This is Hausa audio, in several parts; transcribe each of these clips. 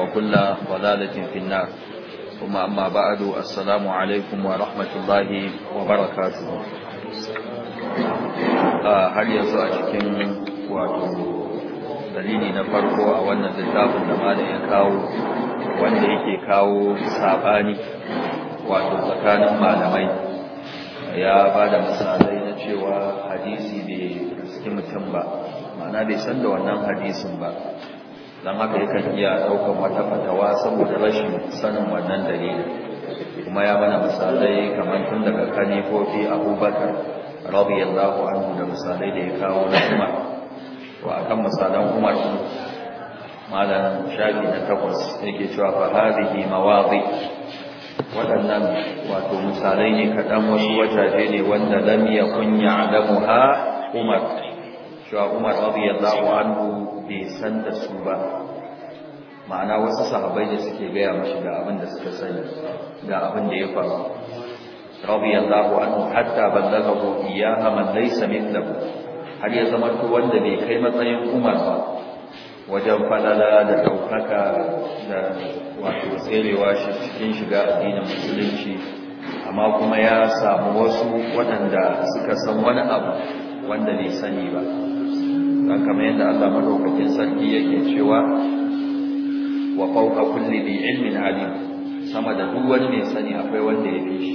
وكل ضلالة في النار ثم أما بعد السلام عليكم ورحمة الله وبركاته هل يزعجكم وعدو dalili na farko a wannan littafin da malam ya kawo wanda yake kawo sabani wato tsakanin malamai ya ba da misalai na cewa hadisi bai riski mutum ba ma'ana bai san da wannan hadisin ba don haka yakan iya ɗaukar wata fatawa saboda rashin sanin wannan dalilin kuma ya mana misalai kamar tun daga fi abubakar radiyallahu an da misalai da ya kawo na umar wa akan misalan umar malam shafi na takwas yake cewa fa hadhihi mawadhi waɗannan wato misalai ne kaɗan wasu wajaje ne wanda lam yakun ya'lamuha umar cewa umar radiyallahu anhu bai san da su ba ma'ana wasu sahabai da suke gaya mashi ga abin da suka sani ga abin da ya faru radiyallahu anhu hatta ballaghahu iyyaha man laysa mithlahu har ya zama to wanda bai kai matsayin Umar ba wajen falala da ɗaukaka da wato tserewa shi cikin shiga addinin musulunci amma kuma ya samu wasu waɗanda suka san wani abu wanda bai sani ba roƙa kamar yadda Allah madaukakin sarki yake cewa wa fawqa kulli dhi ilmin alim sama da duk wani mai sani akwai wanda yake shi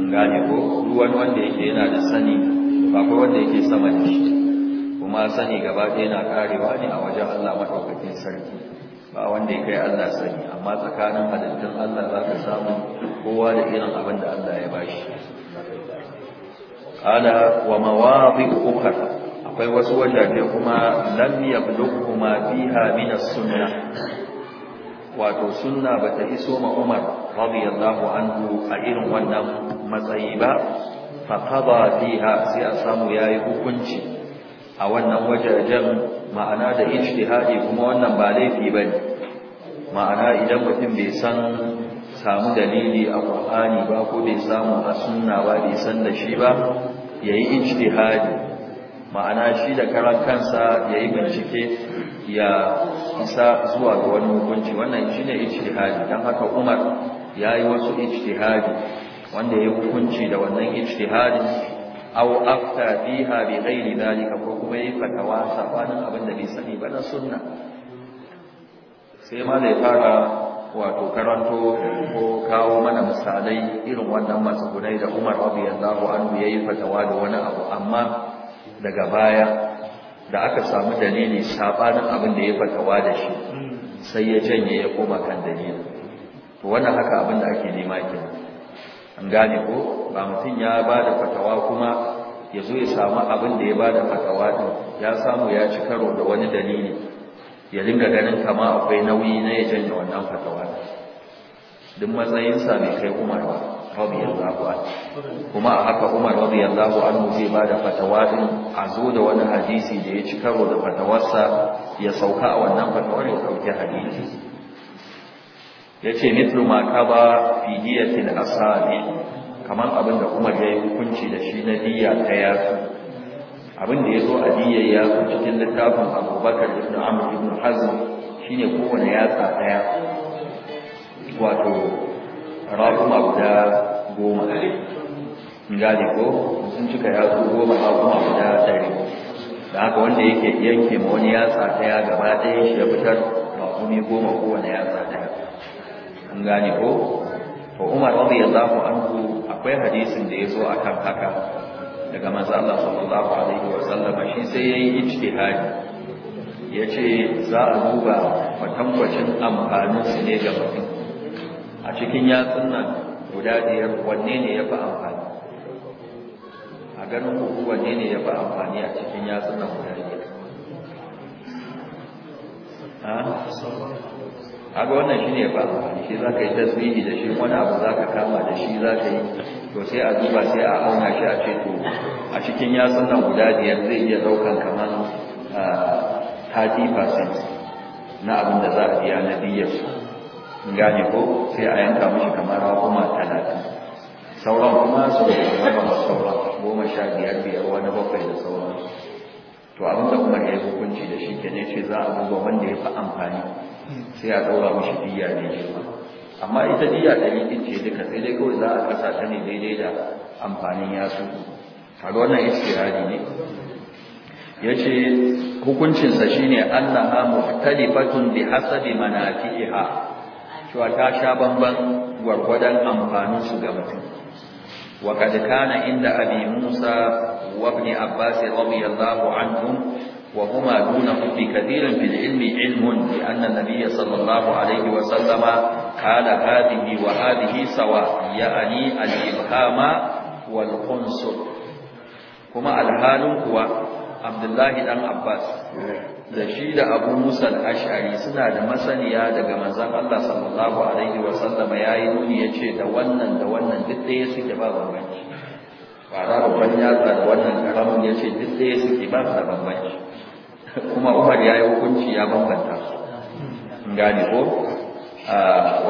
in gane ko duk wani wanda yake yana da sani ba akwai wanda yake sama da shi kuma sani gaba ɗaya yana karewa ne a wajen Allah madaukakin sarki ba wanda ya kai Allah sani amma tsakanin halittun Allah za ka samu kowa da irin abin da Allah ya bashi wa ومواضع أخرى akwai wasu wajaje kuma lam kuma fiha min as wato sunna bata iso ma Umar radiyallahu anhu a irin wannan matsayi ba fa fiha sai a samu yayi hukunci a wannan wajajen ma'ana da ijtihadi kuma wannan ba laifi bane ma'ana idan mutum bai san samu dalili a Qur'ani ba ko bai samu a sunna ba bai san da shi ba yayi ijtihadi ma'ana shi da karan kansa ya yi bincike ya isa zuwa ga wani hukunci wannan shi ne ijtihadi don haka umar ya yi wasu ijtihadi wanda ya hukunci da wannan ijtihadi au afta biha bi ghairi dalika ko kuma yi fatawa sabanin abin da bai sani ba na sunna sai ma ya fara wato karanto ko kawo mana misalai irin wannan masu gudai da umar abu yanzu abu ya yi fatawa da wani abu amma daga baya da aka samu dalili sabanin abin da ya fatawa da shi sai ya janye ya koma kan dalili to wannan haka abin da ake nema kenan an gane ko ba mutum ya ba da fatawa kuma ya zo ya samu abin da ya ba da fatawa din ya samu ya ci karo da wani dalili ya dinga ganin kama akwai nauyi na ya janye wannan fatawa duk matsayinsa bai kai umar ba radiyallahu anhu kuma a haka Umar radiyallahu anhu zai ba da fatawa din a zo da wani hadisi da ya ci karo da fatawarsa ya sauka a wannan fatawar ya dauki hadisi yace mithlu ma kaba fi diyatil asabi kaman abin da Umar ya yi hukunci da shi na diya ta yasu abin da ya zo a diyar yasu cikin littafin Abubakar ibn Amr ibn Hazm shine kowane yatsa daya wato raƙuma gane ko sun cika yatsu goma a kuma guda ɗari da haka wanda yake yanke ma wani yatsa ɗaya gaba ɗaya shi ya fitar raƙumi goma wani yatsa ɗaya an gane ko to umar radiyallahu anhu akwai hadisin da ya zo kan haka daga manzo Allah sallallahu alaihi wa sallam shi sai yayi ijtihadi yace za a duba kwatankwacin amfanin su ne ga mutum a cikin yatsun nan guda biyar wanne ne ya fi amfani a ganin ku wanne ne ya fi amfani a cikin yatsun nan guda biyar ga wannan shi ne ba shi za ka yi tasbihi da shi wani abu za ka kama da shi za ka yi to sai a duba sai a auna shi a ce to a cikin yatsun nan guda biyar zai iya ɗaukan kamar 30% ah, na abin da za a biya na biyar gane ko sai a yanka mishi kamar kuma talatin sauran kuma su raba sauran goma sha biyar biyar wani bakwai da sauran to abin da kuma ya hukunci da shi kenan ce za a duba wanda ya fi amfani sai a ɗaura mashi diya ne girma amma ita diya ɗari ɗin ce duka sai dai kawai za a kasa ta ne daidai da amfanin yasu kaga wannan istihari ne Ya ce hukuncinsa shine annaha muhtalifatun bihasabi manafi'iha cewa ta sha bamban gwargwadon amfanin su ga mutum وقد كان عند أبي موسى وابن عباس رضي الله عنهم وهما دونه بكثير في العلم علم لأن النبي صلى الله عليه وسلم قال هذه وهذه سواء يعني الإبهام والقنصر كما الحال هو abdullahi dan abbas da shi da abu musa al-ash'ari suna da masaniya daga manzon Allah sallallahu alaihi wa sallam yayi nuni yace da wannan da wannan duk ɗaya suke ba bambanci fara ya ta da wannan karamin yace duk ɗaya suke ba da bambanci kuma Umar yayi hukunci ya bambanta su ko ko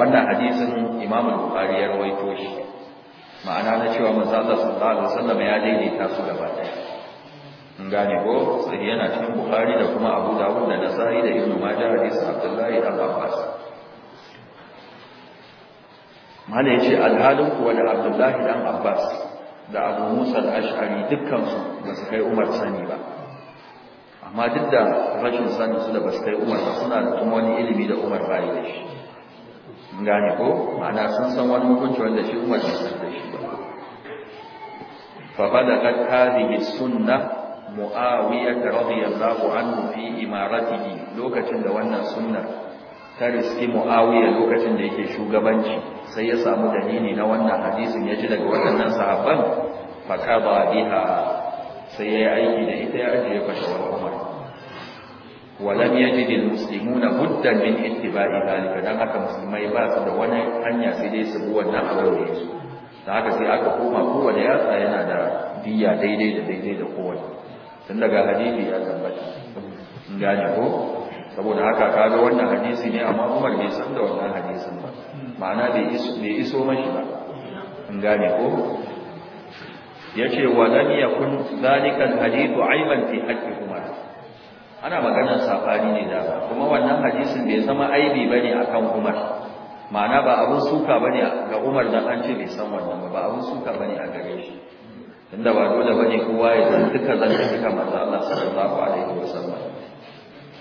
wannan hadisin Imam Bukhari ya rawaito shi ma'ana na cewa manzon Allah sallallahu alaihi sallam ya daidaita su gaba ɗaya gane ko sai yana cikin bukhari da kuma abu dawud da nasari da ibnu majah hadisi abdullahi dan abbas mala ce alhalin kuwa da abdullahi dan abbas da abu musa al-ash'ari dukkan su ba su kai umar sani ba amma duk da rashin sani su da ba su kai umar ba suna da kuma wani ilimi da umar bai da shi gane ko ma'ana sun san wani hukunci wanda shi umar bai san da shi ba fa bada kad hadhihi sunnah mu'awiyah radiyallahu anhu fi imaratihi lokacin da wannan sunnar ta riski mu'awiyah lokacin da yake shugabanci sai ya samu dalili na wannan hadisin ya ji daga waɗannan sahabban ba biha sai ya yi aiki da ita ya ajiye fashawar umar ولم يجد المسلمون بدا من اتباع ذلك dan haka musulmai ba su da wani hanya sai dai su bi wannan abin da da haka sai aka koma kowane yatsa yana da biya daidai da daidai da kowa tun daga hadisi ya tabbata in gane ko saboda haka kaga wannan hadisi ne amma Umar bai san da wannan hadisin ba ma'ana bai iso bai iso mashi ba in gane ko yace wa lam yakun zalika alhadithu aiban fi haqqi Umar ana maganar safari ne da kuma wannan hadisin bai zama aibi bane akan Umar ma'ana ba abun suka bane ga Umar da an ce bai san wannan ba ba abun suka bane a gare shi tunda ba dole bane kowa ya san duka zantuka manzo Allah sallallahu alaihi wasallam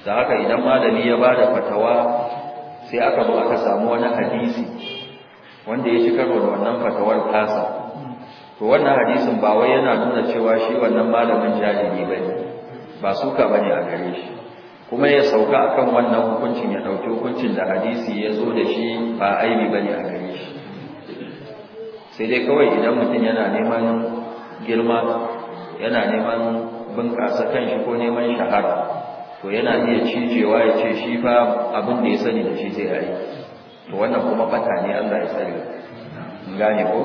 da haka idan malami ya bada fatawa sai aka zo aka samu wani hadisi wanda ya shi karo da wannan fatawar tasa to wannan hadisin ba wai yana nuna cewa shi wannan malamin jahili bane ba suka bane a gare shi kuma ya sauka akan wannan hukuncin ya dauki hukuncin da hadisi ya zo da shi ba aibi bane a gare shi sai dai kawai idan mutum yana neman girma yana neman bunƙasa kanshi ko neman shahara to yana iya cijewa ya ce shi fa abin da ya sani da shi zai aiki to wannan kuma bata ne Allah ya sani gane ko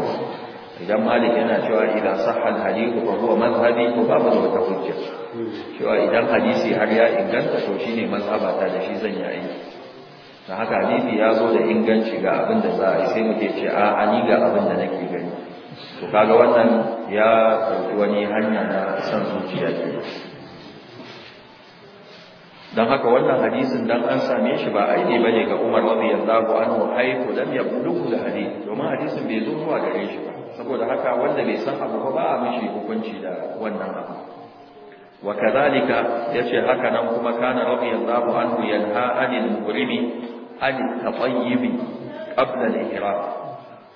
idan malik yana cewa idan sahal hadithu fa huwa madhhabi to babu da wata hujja cewa idan hadisi har ya inganta to shine mazhaba ta da shi zan yi aiki dan haka hadisi ya zo da inganci ga abin da za a yi sai muke ce a ani ga abin da nake gani to kaga wannan ya ɗauki wani hanya na son zuciya ke don haka wannan hadisin dan an same shi ba aini bane ga Umar radiyallahu anhu haifu lam yabluhu da hadith domin hadisin bai zo zuwa gare shi ba saboda haka wanda bai san abu ba ba a mishi hukunci da wannan abu wa kadhalika yace haka nan kuma kana radiyallahu anhu yanha anil murimi an tatayyib qabla al-ihram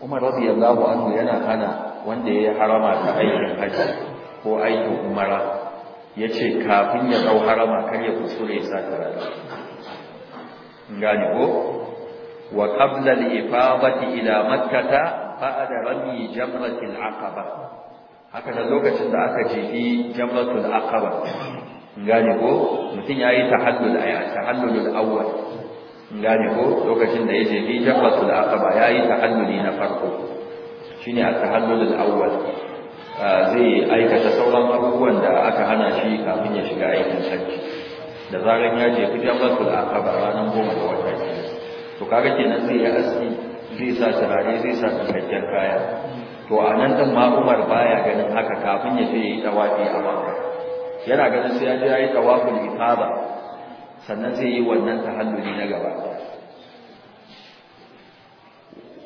Umar radiyallahu anhu yana hana wanda ya harama ta aikin haji ko aikin umara ya ce kafin ya dau harama kar ya kusure ya saka rana gane ko wa qabla al-ifadati ila makkah ba'da rami jamrat al-aqaba haka da lokacin da aka jefi jamratul aqaba gane ko mutum yayi tahallul ayat eh, tahallul awwal gane ko lokacin da yake bi jabbatu da yi yayi tahalluli na farko shine at-tahallul al-awwal zai aikata sauran abubuwan da aka hana shi kafin ya shiga aikin sarki da zaran ya je fitan aka ba ranar goma da wata to kaga kenan zai ya aski zai sa turare zai sa cikakken kaya to a nan din ma Umar baya ganin haka kafin ya je yi tawafi a Makka yana ganin sai ya je yi tawaful ifada sannan zai yi wannan tahalluli na gaba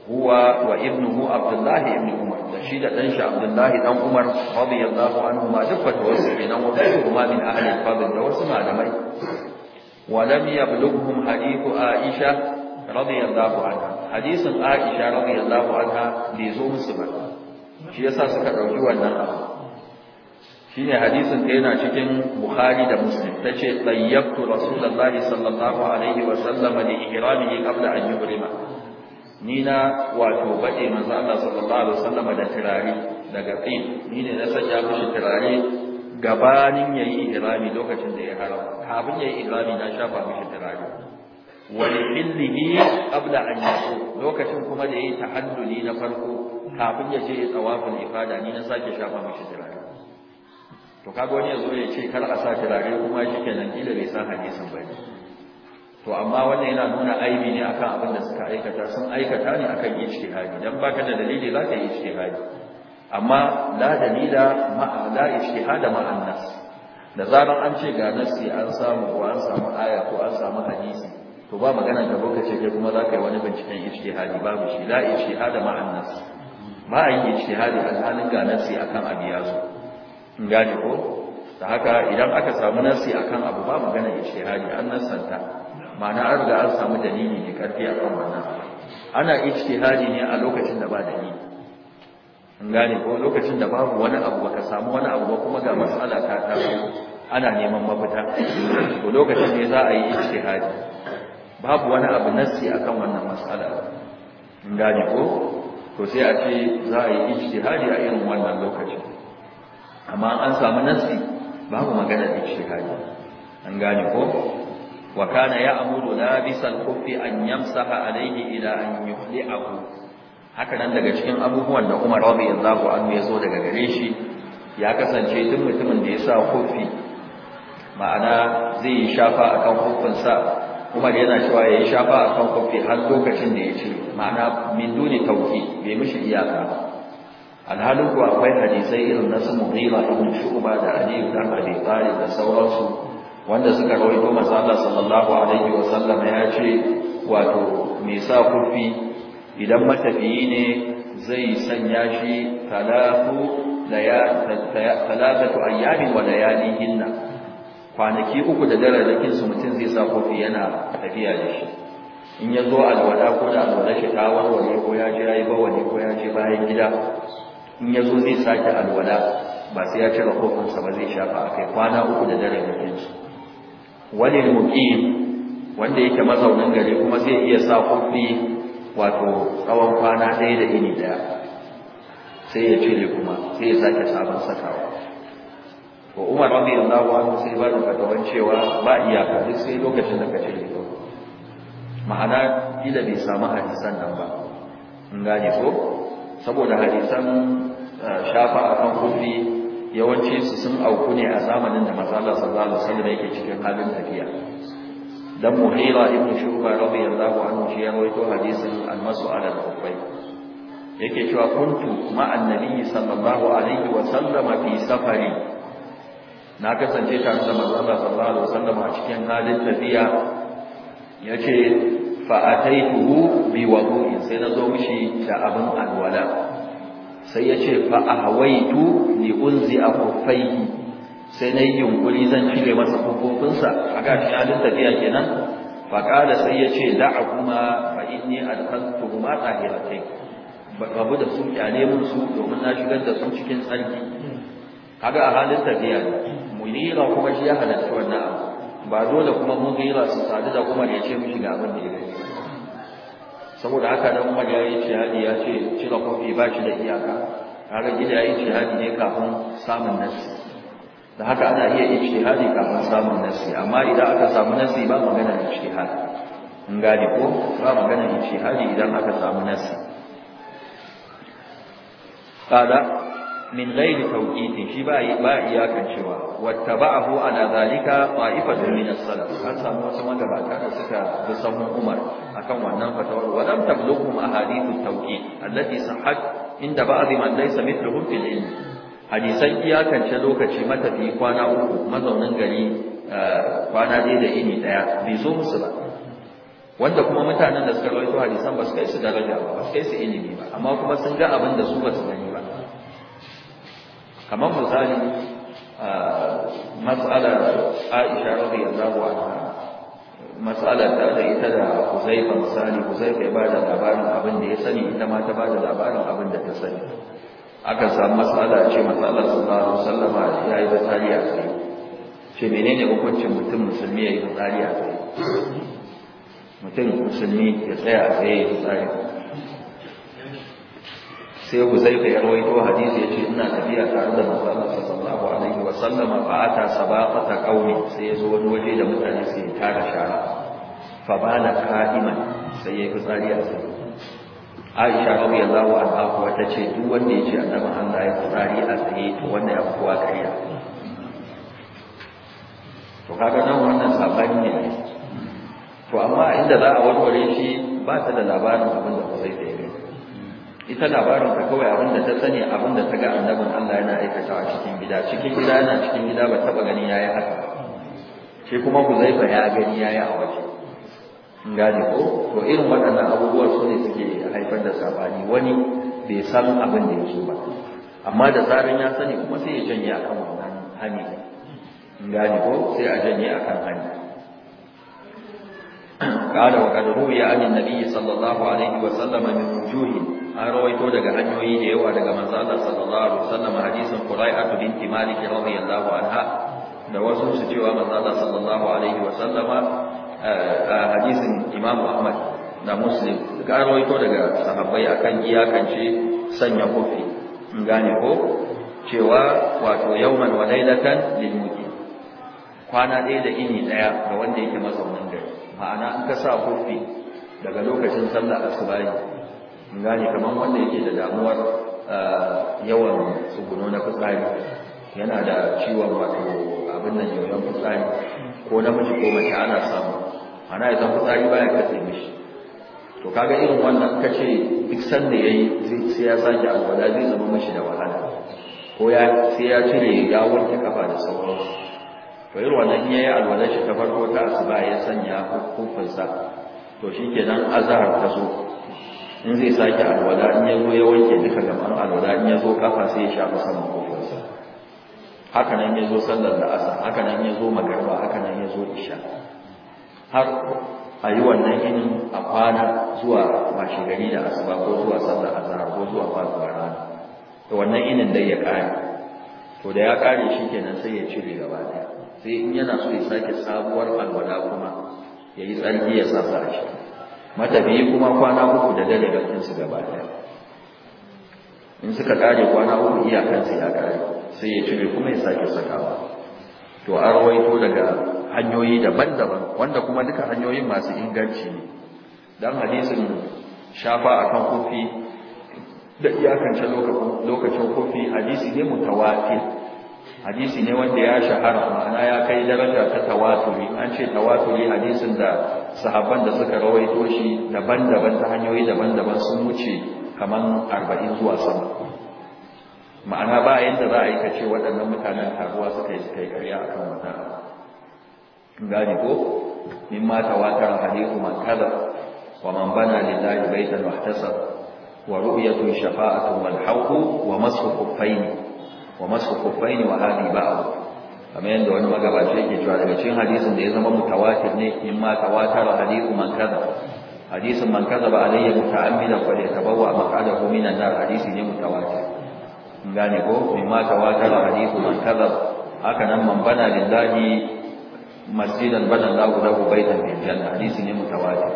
huwa wa ibnuhu abdullahi ibn umar da shi da dan shi abdullahi dan umar radiyallahu anhu ma duk wata wasu ne nan wanda kuma min ahli al-fadl da wasu malamai wa lam yablughuhum hadithu aisha radiyallahu anha hadisin aisha radiyallahu anha bai zo musu ba shi yasa suka dauki wannan abu shine hadisin da yana cikin Bukhari da Muslim tace tayyabtu Rasulullahi sallallahu alaihi wa sallam li ihramihi qabla an yuhrima ni na wato bade manzo Allah sallallahu alaihi wa sallam da turare daga tin ni ne na sanya mishi turare gabanin yayi ihrami lokacin da ya harama kafin yayi ihrami na shafa mishi turare wa lihillihi qabla an yuhrima lokacin kuma da yayi tahalluli na farko kafin ya je tsawafin ifada ni na sake shafa mishi turare to kaga wani zo ya ce kar a sa turare kuma shi kenan ila bai san hadisin ba ne. to amma wannan yana nuna aibi ne akan abin da suka aikata sun aikata ne akan ijtihadi dan baka da dalili za ka yi ijtihadi amma la dalila ma la ijtihada ma nas da zaran an ce ga nasi an samu ko an samu aya ko an samu hadisi to ba magana da boka ce kai kuma za ka yi wani binciken ijtihadi babu shi la ijtihada ma nas, ba a yi ijtihadi alhalin ga nasi akan abiya in gane ko da haka idan aka samu nasi akan abu ba magana ya ce hari an nasanta ma'ana an riga an samu dalili ne karfi akan wannan ana hari ne a lokacin da ba dalili in gane ko lokacin da babu wani abu baka samu wani abu ba kuma ga matsala ta taso ana neman mafita ko lokacin ne za a yi hari babu wani abu nasi akan wannan matsala in gane ko to sai a ce za a yi hari a irin wannan lokacin amma an samu nasi babu magana da shihadi an gane ko wa kana la bisal kufi an yamsaha alayhi ila an yuhli'ahu haka nan daga cikin abubuwan da Umar radiyallahu anhu ya zo daga gare shi ya kasance duk mutumin da ya sa khuffi ma'ana zai shafa akan khuffinsa Umar yana cewa ya shafa akan kufi har lokacin da ya ma'ana min duni tauki bai mishi iyaka alhalin ku akwai hadisai irin na su mughira ibn shu'ba da ali ibn abi talib da sauransu wanda suka rawaito manzo Allah sallallahu alaihi sallam ya ce wato me sa kufi idan matafiyi ne zai sanya shi talatu talatatu ayyamin wa hinna. kwanaki uku da dare da kinsu mutum zai sa kofi yana tafiya da shi in ya zo alwada ko da alwada shi ta warware ko ya je yayi bawani ko ya ji bayan gida in ya zo zai sake alwala ba sai ya cire kofinsa ba zai shafa a kai kwana uku da dare rikinsu wani muƙim wanda yake mazaunin gari kuma zai iya sa kofi wato tsawon kwana ɗaya da ini ɗaya sai ya cire kuma sai ya sake sabon sakawa to umar radiyallahu an sai ba da fatawan cewa ba iyaka duk sai lokacin da ka cire ma'ana kila bai samu hadisan nan ba in gane ko saboda hadisan eh, shafa kan kufi yawanci su sun auku ne a zamanin da manzala sallallahu alaihi wasallam yake cikin halin tafiya dan muhira ibn shuba radiyallahu anhu shi ya rawaito hadisin almasu ala al-kubai yake cewa kuntu ma'an nabiyyi sallallahu alaihi wasallam fi safari na kasance tare da manzala sallallahu alaihi wasallam a cikin halin tafiya yace fa'ataituhu bi wudu'in sai na zo mishi ta abin alwala sai ya ce fa ahwaitu li a kufai sai na yi yunkuri zan cire masa kufofinsa a ga halin tafiya kenan fa sai ya ce da'ahuma fa inni adkhaltuhuma tahiratain Babu da su kyale mun su domin na shigar da su cikin tsarki kaga a halin tafiya munira kuma shi ya halarci wannan abu ba dole kuma mun gira su sadu da kuma ya ce mishi ga abin da ya saboda haka dan umar ya yi jihadi ya ce cire kofi ba shi da iyaka har gida ya yi jihadi ne kafin samun nasi da haka ana iya ijtihadi kafin samun nasi amma idan aka samu nasi ba magana ijtihadi in gane ko ba magana ijtihadi idan aka samu nasi kada min ghairi tawqitin shi ba ba iyakan cewa wattaba'ahu ala zalika qa'ifatun min as-salaf an samu wasu magabata da suka bi sahun Umar akan wannan fatawar wa lam tablughum ahadithu tawqit allati sahhat inda ba'd man laysa mithluhum fil ilm hadisan iyakance lokaci matafi kwana uku mazaunin gari eh, kwana dai da ini ɗaya bai zo musu ba wanda kuma mutanen da suka rawaito hadisan ba su kai su daraja ba ba su kai su ilimi ba amma kuma sun ga abin da su ba su kamar misali matsalar aisha radiyallahu a matsalar da ita da ba misali bai ba bada labarin abin da ya sani ita ma ta bada labarin abin da ta sani aka samu matsala ce matsalar ba su sallama ya yi fitsari a tsaye ce menene hukuncin mutum musulmi ya yi fitsari a tsaye mutum musulmi ya tsaya a tsaye ya fitsari sai zai huzaifa ya rawaito hadisi ya ce ina tafiya tare da manzo Allah sallallahu alaihi wa sallama fa ata sabaqata qaumi sai ya zo wani waje da mutane sai ya tara shara fa bala qa'iman sai ya yi fitsari a sai Aisha radiyallahu anha kuwa tace duk wanda ya ce annabi Allah ya fitsari a tsaye to wanda ya kuwa kariya to kaga nan wannan sabani ne to amma inda za a warware shi ba ta da labarin abin da zai da ita labarin ta kawai abin da ta sani abin da ta ga annabin Allah yana a cikin gida cikin gida yana cikin gida ba taba ganin yayi haka shi kuma Huzaifa ya gani yayi a waje gane ko to irin waɗannan abubuwa su ne suke haifar da sabani wani bai san abin da yake ba amma da zarin ya sani kuma sai ya janye a kan wannan hani gane ko sai a janye a kan hani قال وقد روي عن النبي صلى الله عليه وسلم من وجوهه an rawaito daga hanyoyi da yawa daga manzo Allah sallallahu alaihi wasallam hadisin Qurai'atu binti Malik radiyallahu anha da wasu su cewa manzo Allah sallallahu alaihi wasallam eh, a hadisin Imam Ahmad da Muslim ga rawaito daga sahabbai akan iyakance sanya kofi in gane ko cewa wato yawman wa lailatan lil kwana ɗaya da ini ɗaya ga wanda yake mazaunin gari ma'ana in ka sa kofi daga lokacin sallah asubahi gane kamar wanda yake da damuwar eh, yawan tsuguno na fitsari yana da ciwon wato abin nan yawan fitsari ko na namiji ko mace ana samu ana ya fitsari fitsari baya katse mishi to kaga irin wannan ka ce duk sanda yayi sai ya sake alwala zai zama mishi da wahala ko ya sai ya cire gawar ta kafa da sauransu to irin wannan in yayi alwala shi ta farko ta asuba ya sanya hukunsa to shikenan azhar ta zo in zai sake alwada in ya zo ya wanke duka gaban alwada in ya zo kafa sai ya shafa saman kofarsa haka nan ya zo sallar da asa haka nan ya zo magarba haka nan ya zo isha har a yi wannan yinin a kwana zuwa washe gari da asuba ko zuwa sallar azhar ko zuwa faduwar rana to wannan yinin dai ya kare to da ya kare shi kenan sai ya cire gaba daya sai in yana so ya sake sabuwar alwada kuma ya yi tsarki ya sa sa shi matafiyi kuma kwana uku da dare bakin su gaba daya in suka kare kwana uku iyakansu ya kare sai ya cire kuma ya sake sakawa to an rawaito daga hanyoyi daban-daban wanda kuma duka hanyoyin masu inganci ne dan hadisin shafa akan kofi da iyakance lokacin kofi hadisi ne mutawatir hadisi ne wanda ya shahara ma'ana ya kai daraja ta tawaturi an ce tawaturi hadisin da sahabban da suka rawaito shi daban-daban ta hanyoyi daban-daban sun wuce kaman arba'in zuwa sama ma'ana ba yadda za a yi kace waɗannan mutanen taruwa suka yi suka yi karya a kan wata. gani ko min ma tawatar hadithu man kada wa man bana lillahi baitan wahtasab wa ru'yatu shafa'atu wal hawqu wa masu khuffaini wa masu khuffaini wa hadi ba'd kamar yadda wani magabaci yake cewa daga cikin hadisin da ya zama mutawatir ne in ma tawatara hadisu man kaza hadisin man kaza ba alayya muta'ammidan fa ya tabawwa maq'adahu minan nar hadisi ne mutawatir gane ko in ma tawatara hadisu man kaza haka nan man bana lillahi masjidan bana lahu lahu baitan fil janna hadisi ne mutawatir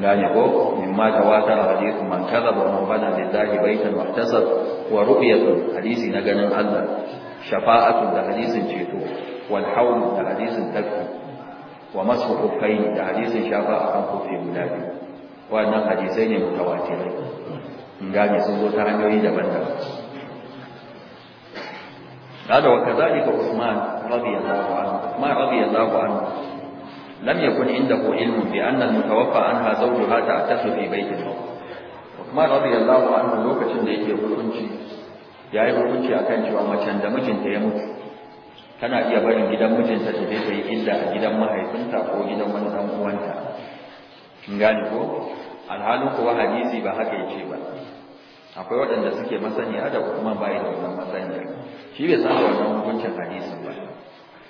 gane ko mimma tawatara hadithu man kadhaba wa man bana lillahi baitan muhtasab wa ru'yatu hadisi na ganin Allah shafa'atu da hadisin ceto wal hawl da hadisin tarki wa masu hukai da hadisin shafa'a a kan kofi guda biyu wannan hadisai ne mutawatirai gane sun zo ta hanyoyi daban-daban هذا وكذلك عثمان رضي الله عنه عثمان رضي الله عنه لم يكن عنده علم بأن المتوفى عنها زوجها تأتف في بيت الموت عثمان رضي الله عنه لوكة ليك يقول ya yi hukunci a kan cewa macen da mijinta ya mutu tana iya barin gidan mijinta ta je ta yi illa a gidan mahaifinta ko gidan wani ɗan uwanta in gane ko alhalin kuwa hadisi ba haka yake ba akwai waɗanda suke masaniya da kuma bayan da wannan masaniya shi bai san wannan hukuncin hadisin ba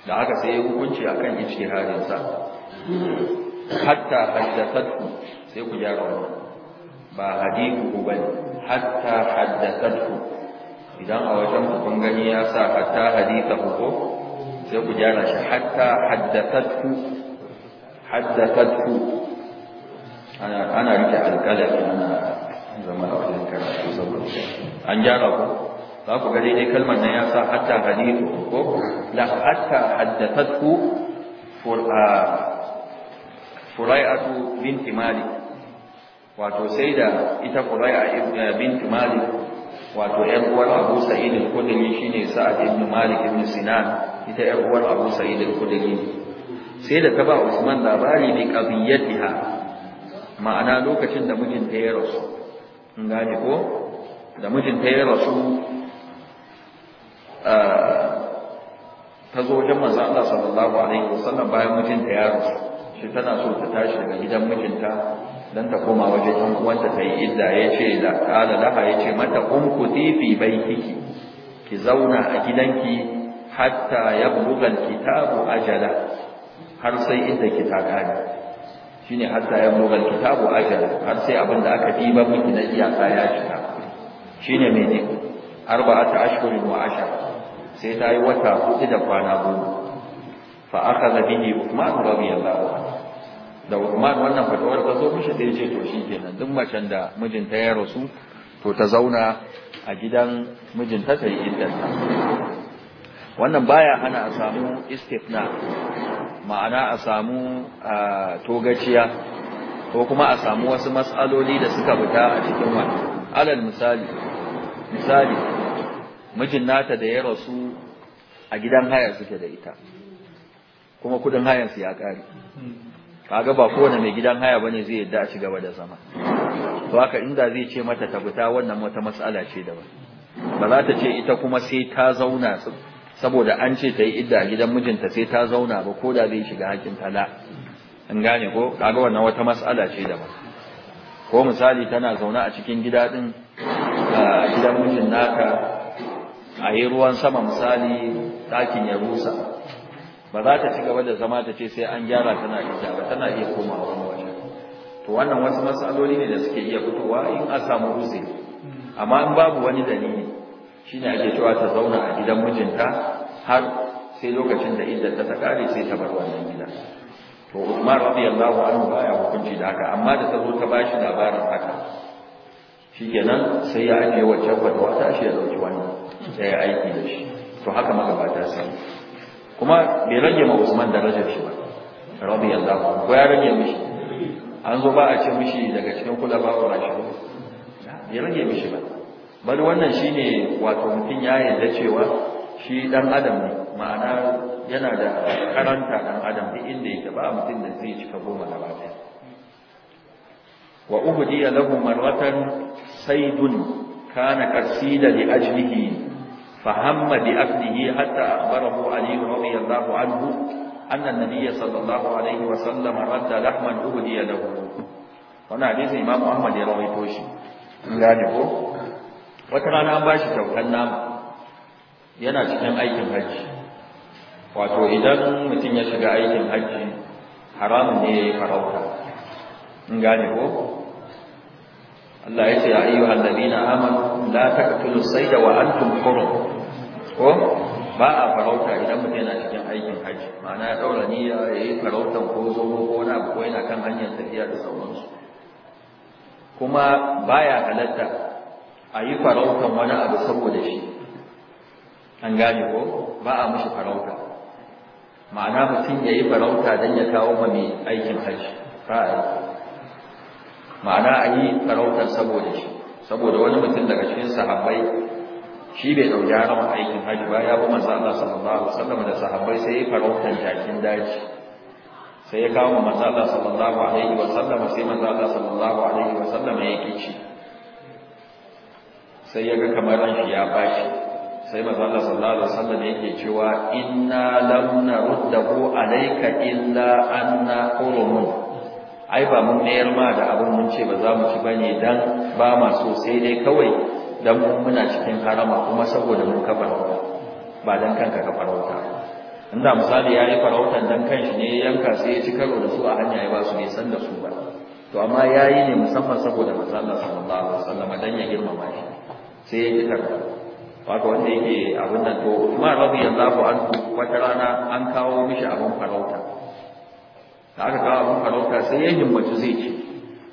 da haka sai ya hukunci akan ijtihadin sa hatta haddathatu sai ku gyara wannan ba hadithu bane hatta haddathatu idan a wajen ku kun gani ya sa hatta haditha ko sai ku gyara shi hatta haddathatku haddathatku ana rike ana zama a wajen karatu saboda an gyara ku za ku ga daidai kalmar nan ya sa hatta la hatta furai'atu binti malik wato sai da ita furai'a eh, binti malik wato ‘yan uwar abu sa'id al-kudiri shi sa'ad ibn malik ibn sinan ita ‘yan uwar abu sa'id al-kudiri sai da ta ba usman labari ne ƙabiyyatiha ma'ana lokacin da mijinta ya rasu in gane ko da mijinta ya rasu ta zo wajen manzo Allah sallallahu alaihi wasallam bayan mijinta ya rasu shi tana so ta tashi daga gidan mijinta dan ta koma waje ɗan uwanta ta yi idda ya ce da ƙala laha ya ce mata umkuti fi baitiki ki zauna a gidanki hatta ya bulugan kitabu ajala har sai inda ki ta kare shine hatta ya bulugan kitabu ajala har sai abin da aka diba miki na iyaka ya cika shine mene arba'ata ashhurin wa ashar sai ta yi wata hudu da kwana goma fa akhadha bihi uthman radiyallahu da Umar wannan fatawar ta zo mishi sai ce to shi kenan duk macen da mijinta ya rasu to ta zauna a gidan mijinta ta yi iddarta wannan baya hana a samu istifna ma'ana a samu togaciya ko kuma a samu wasu matsaloli da suka fita a cikin wani alal misali misali mijin nata da ya rasu a gidan haya suke da ita kuma kudin hayansu ya ƙare kaga ba kowane mai gidan haya bane zai yadda a ci gaba da zama to haka inda zai ce mata ta fita wannan wata mas'ala ce daban ba za ta ce ita kuma sai ta zauna saboda an ce ta yi idda a gidan mijinta sai ta zauna ba ko da zai shiga hakin tala in gane ko kaga wannan wata mas'ala ce daban ko misali tana zaune a cikin gida din a gidan mijin naka a yi ruwan sama misali ɗakin ya rusa ba za ta ci gaba da zama ta ce sai an gyara tana isa ba tana iya komawa wani wajen to wannan wasu matsaloli ne da suke iya fitowa in an samu rusi amma in babu wani dalili shine ake cewa ta zauna a gidan mijinta har sai lokacin da idan ta kare sai ta bar wannan gida to Umar radiyallahu anhu baya hukunci da haka amma da ta zo ta bashi labarin haka shikenan sai ya ajiye wacce fatawa ta shi ya dauki wani sai ya aiki da shi to haka magabata sai kuma bai rage ma Usman darajar shi ba rabi Allah ko ya rage mishi an zo ba a ce mishi daga cikin kula ba wa rashi bai rage mishi ba bari wannan shine wato mutum ya yarda cewa shi dan adam ne ma'ana yana da karanta dan adam duk inda yake ba mutum da zai cika goma da ba wa uhdiya lahu marwatan saydun kana qasida li ajlihi فهم بأخذه حتى أخبره علي رضي الله عنه أن النبي صلى الله عليه وسلم رد لحما أهدي له وأنا حديث الإمام أحمد توشي. الله عنه يعني وكان أنا أباش توكلنا ينا سنم أي حج واتو إذا متين يشجع أي حج حرام ني فروتا نغاني يعني الله يسير أيها الذين آمنوا لا تقتلوا الصيد وأنتم حرم ko ba a farauta idan mutum yana cikin aikin hajji, ma'ana ya ɗaura niyya ya yi farautan ko zomo ko na ko yana kan hanyar tafiya da sauransu kuma baya halatta a yi farautan wani abu saboda shi an gane ko ba a mushi farauta ma'ana mutum ya yi farauta don ya kawo ma mai aikin hajji yi ma'ana a yi farautar saboda shi saboda wani mutum daga cikin sahabbai shi bai dauki haramun aikin haji ba ya bi manzo Allah sallallahu alaihi wasallam da sahabbai sai ya farautan jakin daji sai ya kawo manzo Allah sallallahu alaihi wasallam sai manzo Allah sallallahu alaihi wasallam ya kici sai ya ga kamar ran shi ya bashi sai manzo Allah sallallahu alaihi wasallam yake cewa inna lam naruddahu alayka illa anna qurumun ai ba mun mayar ma da abin mun ce ba za mu ci bane dan ba ma so sai dai kawai dan mu muna cikin harama kuma saboda mun ka farauta ba dan kanka ka farauta inda misali yayi farautan dan kanshi ne yanka sai ya ci karo da su a hanya ya ba su ne san da su ba to amma yayi ne musamman saboda manzo Allah sallallahu alaihi wasallam dan ya girmama shi sai ya karo wato wanda yake abin da to Umar radiyallahu anhu wata rana an kawo mishi abin farauta da aka kawo abin farauta sai ya himmatu zai ci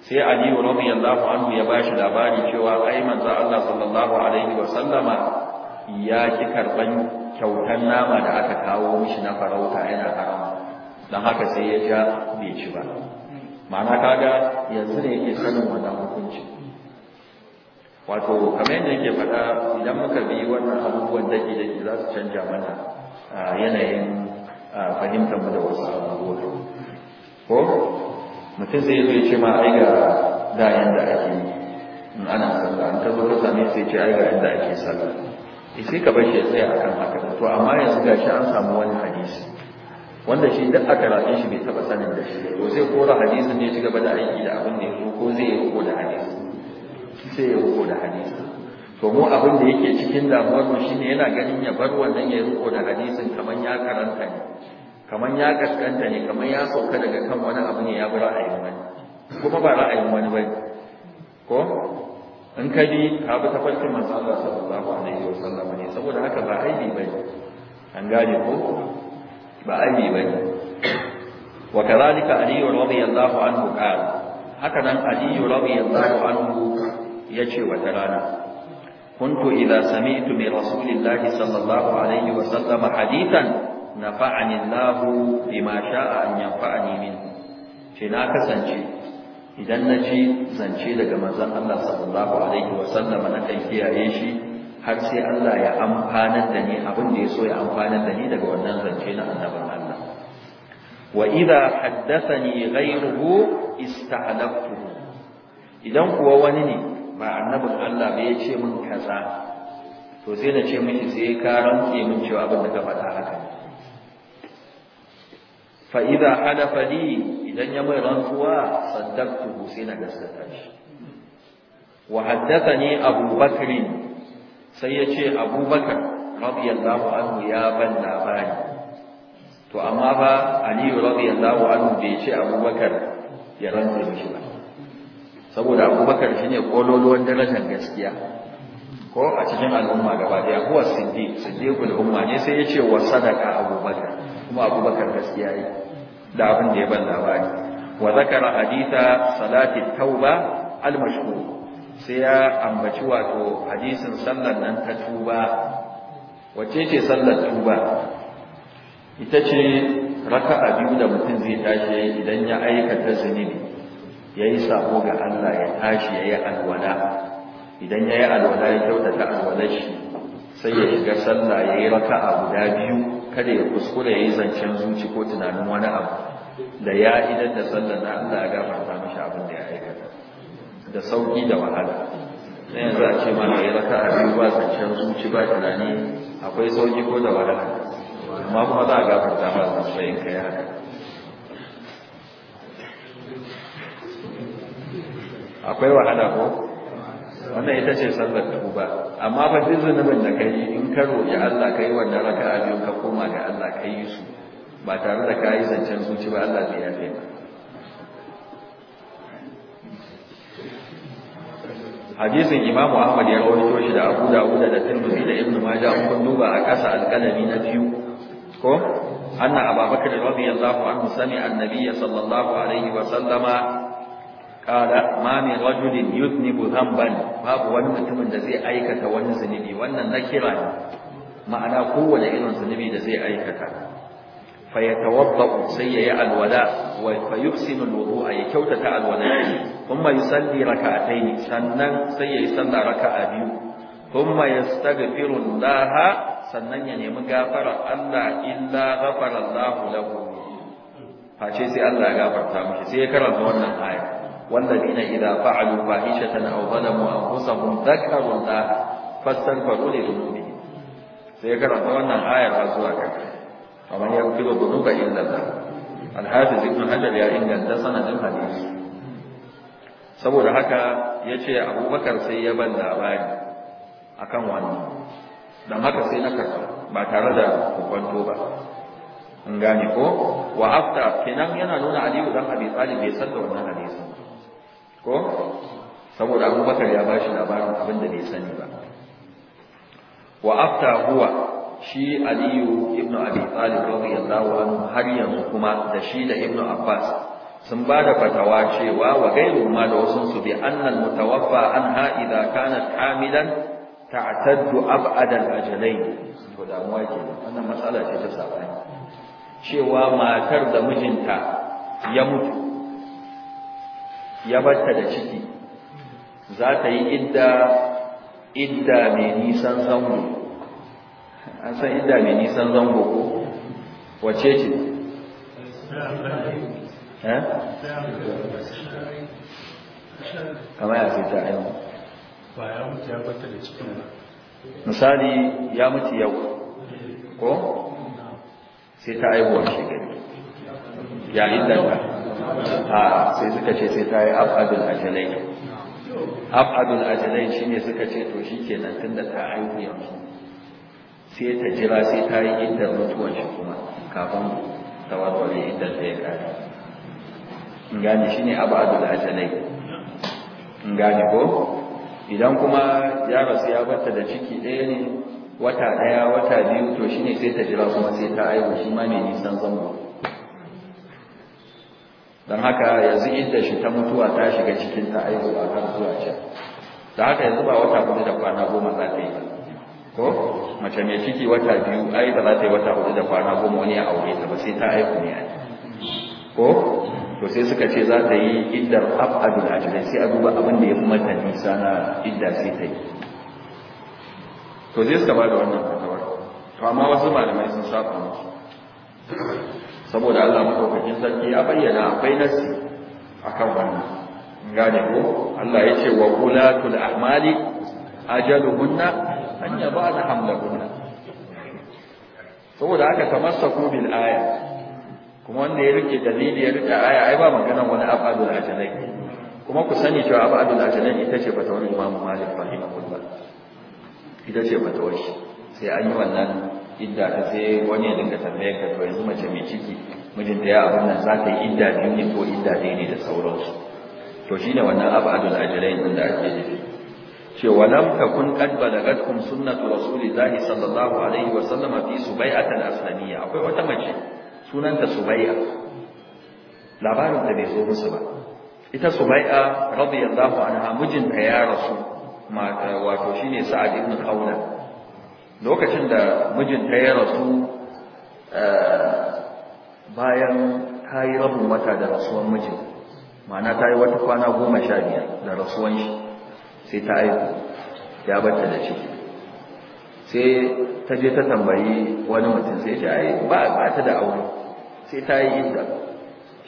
sai aliyu radiyallahu anhu ya bashi labari cewa ai manzo Allah sallallahu alaihi wa sallama ya ki karban kyautan nama da aka kawo mishi na farauta yana harama dan haka sai ya ja bai ci ba ma'ana kaga yanzu ne yake sanin wannan hukunci wato kamar yadda yake faɗa idan muka bi wannan abubuwan da daki za su canja mana ah, yanayin ah, fahimtar mu da wasu abubuwa ko mutum zai zo ya ce ma ai ga da yanda ake yi in ana sallah an tazo sami sai ce ai ga yanda ake sallah eh, sai ka bashi ya tsaya akan haka to amma yanzu gashi an samu wani hadisi wanda shi duk aka rafe shi bai taba sanin da shi to sai kora hadisin ne ya ci gaba da aiki da abin da ya zo ko zai riko da hadisi sai ya riko da hadisi to mu abin da yake cikin damuwar mu shine yana ganin ya bar wannan ya riko da hadisin kamar ya karanta ne kamar ya kaskanta ne kamar ya sauka daga kan wani abu ne ya bi ra'ayin wani kuma ba ra'ayin wani ba ko in ka bi ka bi tafarkin manzo Allah sallallahu alaihi wasallam ne saboda haka ba aibi ba an gane ko ba aibi ba wa kadhalika ali radiyallahu anhu qala haka nan ali radiyallahu anhu yace wa tarana كنت إذا سمعت من رسول الله صلى الله عليه وسلم حديثا nafa'ani Allah bima sha'a an yanfa'ani min ce na kasance idan na ji zance daga manzon Allah sallallahu alaihi wasallam na kan kiyaye shi har sai Allah ya amfanar da ni abin da ya so ya amfanar da ni daga wannan zance na annabin Allah wa idza haddathani ghayruhu istahdaftuhu idan kuwa wani ne ba annabin Allah ba ya ce min kaza to sai na ce miki sai ka rantse min cewa abin da ka faɗa haka ne fa idza halafa li idan ya mai rantsuwa saddaqtu sai na gaskata shi wa haddathani Abu Bakr sai ya ce Abu Bakr radiyallahu anhu ya ban labari to amma fa Ali radiyallahu anhu bai ce Abu Bakr ya rantsu shi ba saboda Abu Bakr shine kololuwan darajar gaskiya ko a cikin al'umma gaba daya huwa siddiq siddiqul umma ne sai ya ce wa sadaqa Abu Bakr kuma Abu Bakr gaskiya yake da abin da ya ban labari wa zakara hadisa salati tauba al-mashhur sai ya ambaci wato hadisin sallar nan ta tuba wace ce sallar tuba ita ce raka'a biyu da mutum zai tashi idan ya aikata zunubi yayi sako ga Allah ya tashi yayi alwala idan yayi alwala ya kyautata alwalar shi sai ya shiga sallah yayi raka'a guda biyu kada ya kuskure ya yi zancen zuci ko tunanin wani abu da ya idan da sallar na Allah ya gafarta mashi abin da ya aikata da sauki da wahala na yanzu a ce mana ya raka a biyu ba zancen zuci ba tunani akwai sauki ko da wahala amma kuma za a gafarta ma zancen kai haka akwai wahala ko wannan ita ce sallar tuba amma fa duk zunubin da kai in ka roƙi Allah kai wannan raka'a biyu ka koma ga Allah kai yi su ba tare da kai zancen zuci ba Allah zai yafe ka hadisin Imam Muhammad ya rawaito shi da Abu Dawud da Tirmidhi da Ibn Majah kun duba a kasa alƙalami na biyu ko anna Abu Bakr radiyallahu anhu sami annabi sallallahu alaihi wa sallama qala ma min rajulin yuznibu dhanban babu wani mutumin da zai aikata wani zunubi wannan na kira ne ma'ana kowane irin zunubi da zai aikata fa yatawadda sai yayi alwala wa fa yuhsinu alwudu'a ya kyautata alwala kuma yusalli raka'ataini sannan sai yayi sallah raka'a biyu kuma yastaghfiru Allah sannan ya nemi gafara Allah illa ghafara Allah lahu face sai Allah ya gafarta mishi sai ya karanta wannan aya والذين إذا فعلوا فاحشة أو ظلموا أنفسهم ذكروا الله فاستغفروا لذنوبهم سيكرا وانا آية رسولك ومن يغفر الذنوب إلا الله الحافظ ابن حجر يا إن دسنا الحديث saboda haka yace Abubakar sai ya ban labari kan wannan dan haka sai na karba ba tare da kwanto ba In gane ko wa afta kenan yana nuna Aliyu dan Abi Talib bai san da wannan hadisin ko saboda abubakar ya bashi labarin abin da bai sani ba wa afta huwa shi aliyu ibnu abi talib radiyallahu anhu har yanzu kuma da shi da ibnu abbas sun ba da fatawa cewa wa gairu ma da wasu su bi annal mutawaffa anha idza kanat hamilan ta'taddu ab'ad al-ajalayn to damuwa ke wannan matsala ce ta sabani cewa matar da mijinta ya mutu ya bata da ciki za ta yi idda idda mai nisan zango an san idda mai nisan zango ko wace ce eh? kama ya sai ta yau ba ya mutu ya barta da misali ya mutu yau ko sai ta aihuwa shekaru ya idda ta a sai suka ce sai ta yi abadul ajalai abadul ajalai shine suka ce to shi nan tun da ta haihu yanzu sai ta jira sai ta yi inda mutuwar shi kuma kafin ta wadware inda ta ya kare in gane shine abadun ajalai in gane ko idan kuma ya rasu ya batta da ciki ɗaya ne wata ɗaya wata biyu to shine sai ta jira kuma sai ta aiki shi ma mai nisan zango don haka yanzu inda shi ta mutuwa ta shiga cikin ta aihuwa har zuwa can da haka yanzu ba wata hudu da kwana goma za ta yi ko mace mai ciki wata biyu ai ba za ta yi wata hudu da kwana goma wani ya aure ta ba sai ta aiki ne ai ko to sai suka ce za ta yi iddar abadul ajrin sai a duba abin da ya fi mata nisa na idda sai ta yi to sai suka ba da wannan fatawar to amma wasu malamai sun saba musu saboda Allah madaukakin sarki ya bayyana akwai nasi akan wannan gane ko Allah ya ce wa ulatul ahmali ajaluhunna an yabana hamlahunna saboda haka tamassaku bil aya kuma wanda ya rike dalili ya rike aya ai ba magana wani abadul ajalai kuma ku sani cewa abadul ajalai ita ce fatawar Imam Malik rahimahullah ita ce fatawar sai an yi wannan idda ta sai wani ya dinga tambaye ka to yanzu mace mai ciki mijinta ya abin nan za ta yi idda biyu ne ko idda ɗaya ne da sauransu to shine wannan abadul ajalain din da ake nufi ce walam takun qad balagatkum sunnatu rasulillahi sallallahu alaihi wa sallam fi subai'atil aslamiyya akwai wata mace sunanta subai'a labarin da bai zo musu ba ita subai'a radiyallahu anha mijinta ya rasu wato shine sa'ad ibn qawla lokacin da mijinta ya rasu eh, bayan ta yi rabin wata da rasuwan mijin ma'ana ta yi wata kwana goma sha biyar da rasuwan shi sai ta aiko ya bata da ciki sai ta je ta tambayi wani mutum sai ta yi ba ta da aure sai ta yi inda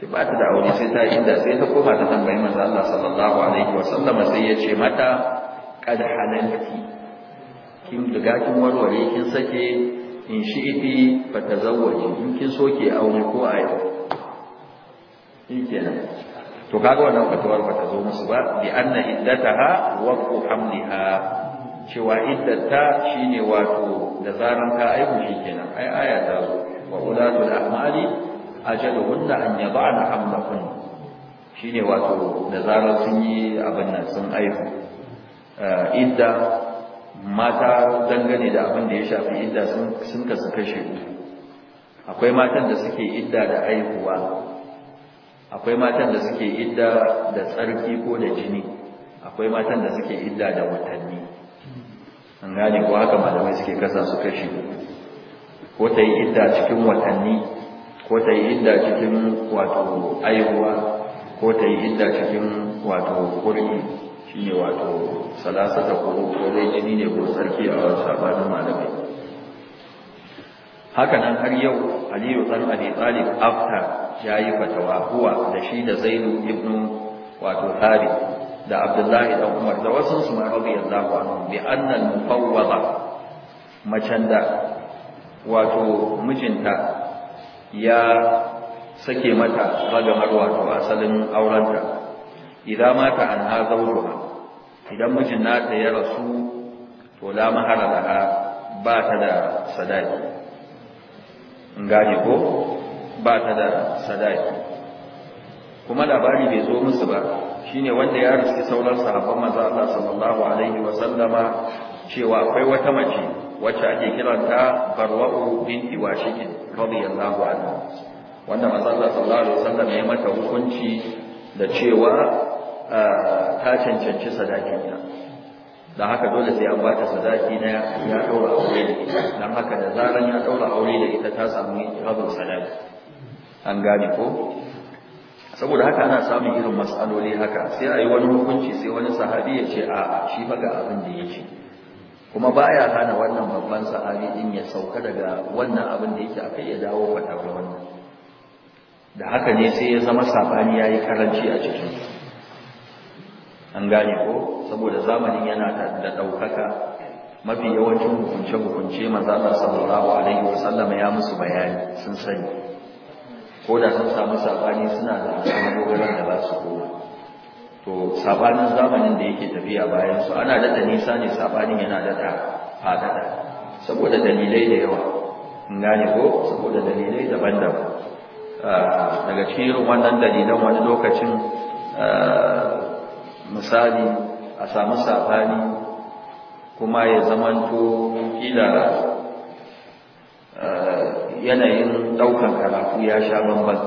ce ba ta da aure sai ta yi inda sai ta koma ta tambayi manzo Allah sallallahu alaihi wa sallama sai ya ce mata qad halalti kin riga kin warware kin sake in shi idi fa tazawwaji in kin so ke aure ko a yau kenan. to kaga wannan fatawar ba ta zo musu ba bi anna iddataha waqfu hamliha cewa iddata shine wato da zaran ka aihu shikenan ai aya ta zo wa ulatul ahmali ajaluhunna an yad'ana hamlahun shine wato da zaran sun yi abin nan sun aihu eh, idda mata dangane da abin da ya shafi idda sun kasu kashe akwai matan da suke idda da aihuwa akwai matan da suke idda da tsarki ko da jini akwai matan da suke idda da watanni an gane ko haka malamai suke kasa su kashe ko ta yi idda cikin watanni ko ta yi idda cikin wato aihuwa ko ta yi idda cikin wato kurmi shi ne wato salasata ko dai jini ne ko sarki a wasu sabanin malamai haka nan har yau aliyu dan abi talib afta yi fatawa huwa da shi da zainu ibnu wato da abdullahi dan umar da wasu su ma radiyallahu anhu bi anna al-mufawwada macen da wato mijinta ya sake mata ragamar wato asalin aurenta idan mata an ha zauruha idan mijin nata ya rasu to la mahara laha ba ta da sadaki ngaje ko ba ta da sadaki kuma labari bai zo musu ba shine wanda ya riski sauran sahabban manzo Allah sallallahu alaihi wa sallama cewa akwai wata mace wacce ake kiranta Barwa'u binti Washiqin radiyallahu anha wanda manzo Allah sallallahu alaihi wa sallama ya mata hukunci da cewa Eh, ta cancanci sadakinta don haka dole sai an bata sadaki na ya daura aure da ita don haka da zaran ya ɗaura aure da ita ta samu rabin sadaki an gane ko saboda haka ana samun irin matsaloli haka sai a yi wani hukunci sai wani sahabi ya ce a shi ga abin da ya ce kuma baya hana wannan babban sahabi din ya sauka daga wannan abin da yake akai ya dawo fatawar wannan da haka ne sai ya zama sabani yayi karanci a cikin an gane ko saboda zamanin yana da ɗaukaka mafi yawancin hukunce-hukunce mazaɓar sallallahu alaihi wasallama ya musu bayani sun sani ko da sun samu sabani suna da gogaran da ba su koma to sabanin zamanin da yake tafiya bayan su ana daɗa nisa ne sabanin yana daɗa faɗaɗa saboda dalilai da yawa in gane ko saboda dalilai daban-daban ah, daga cikin wannan dalilan wani lokacin ah, misali a samu sabani kuma ya zamanto kila eh, yanayin ɗaukan karatu ya sha banban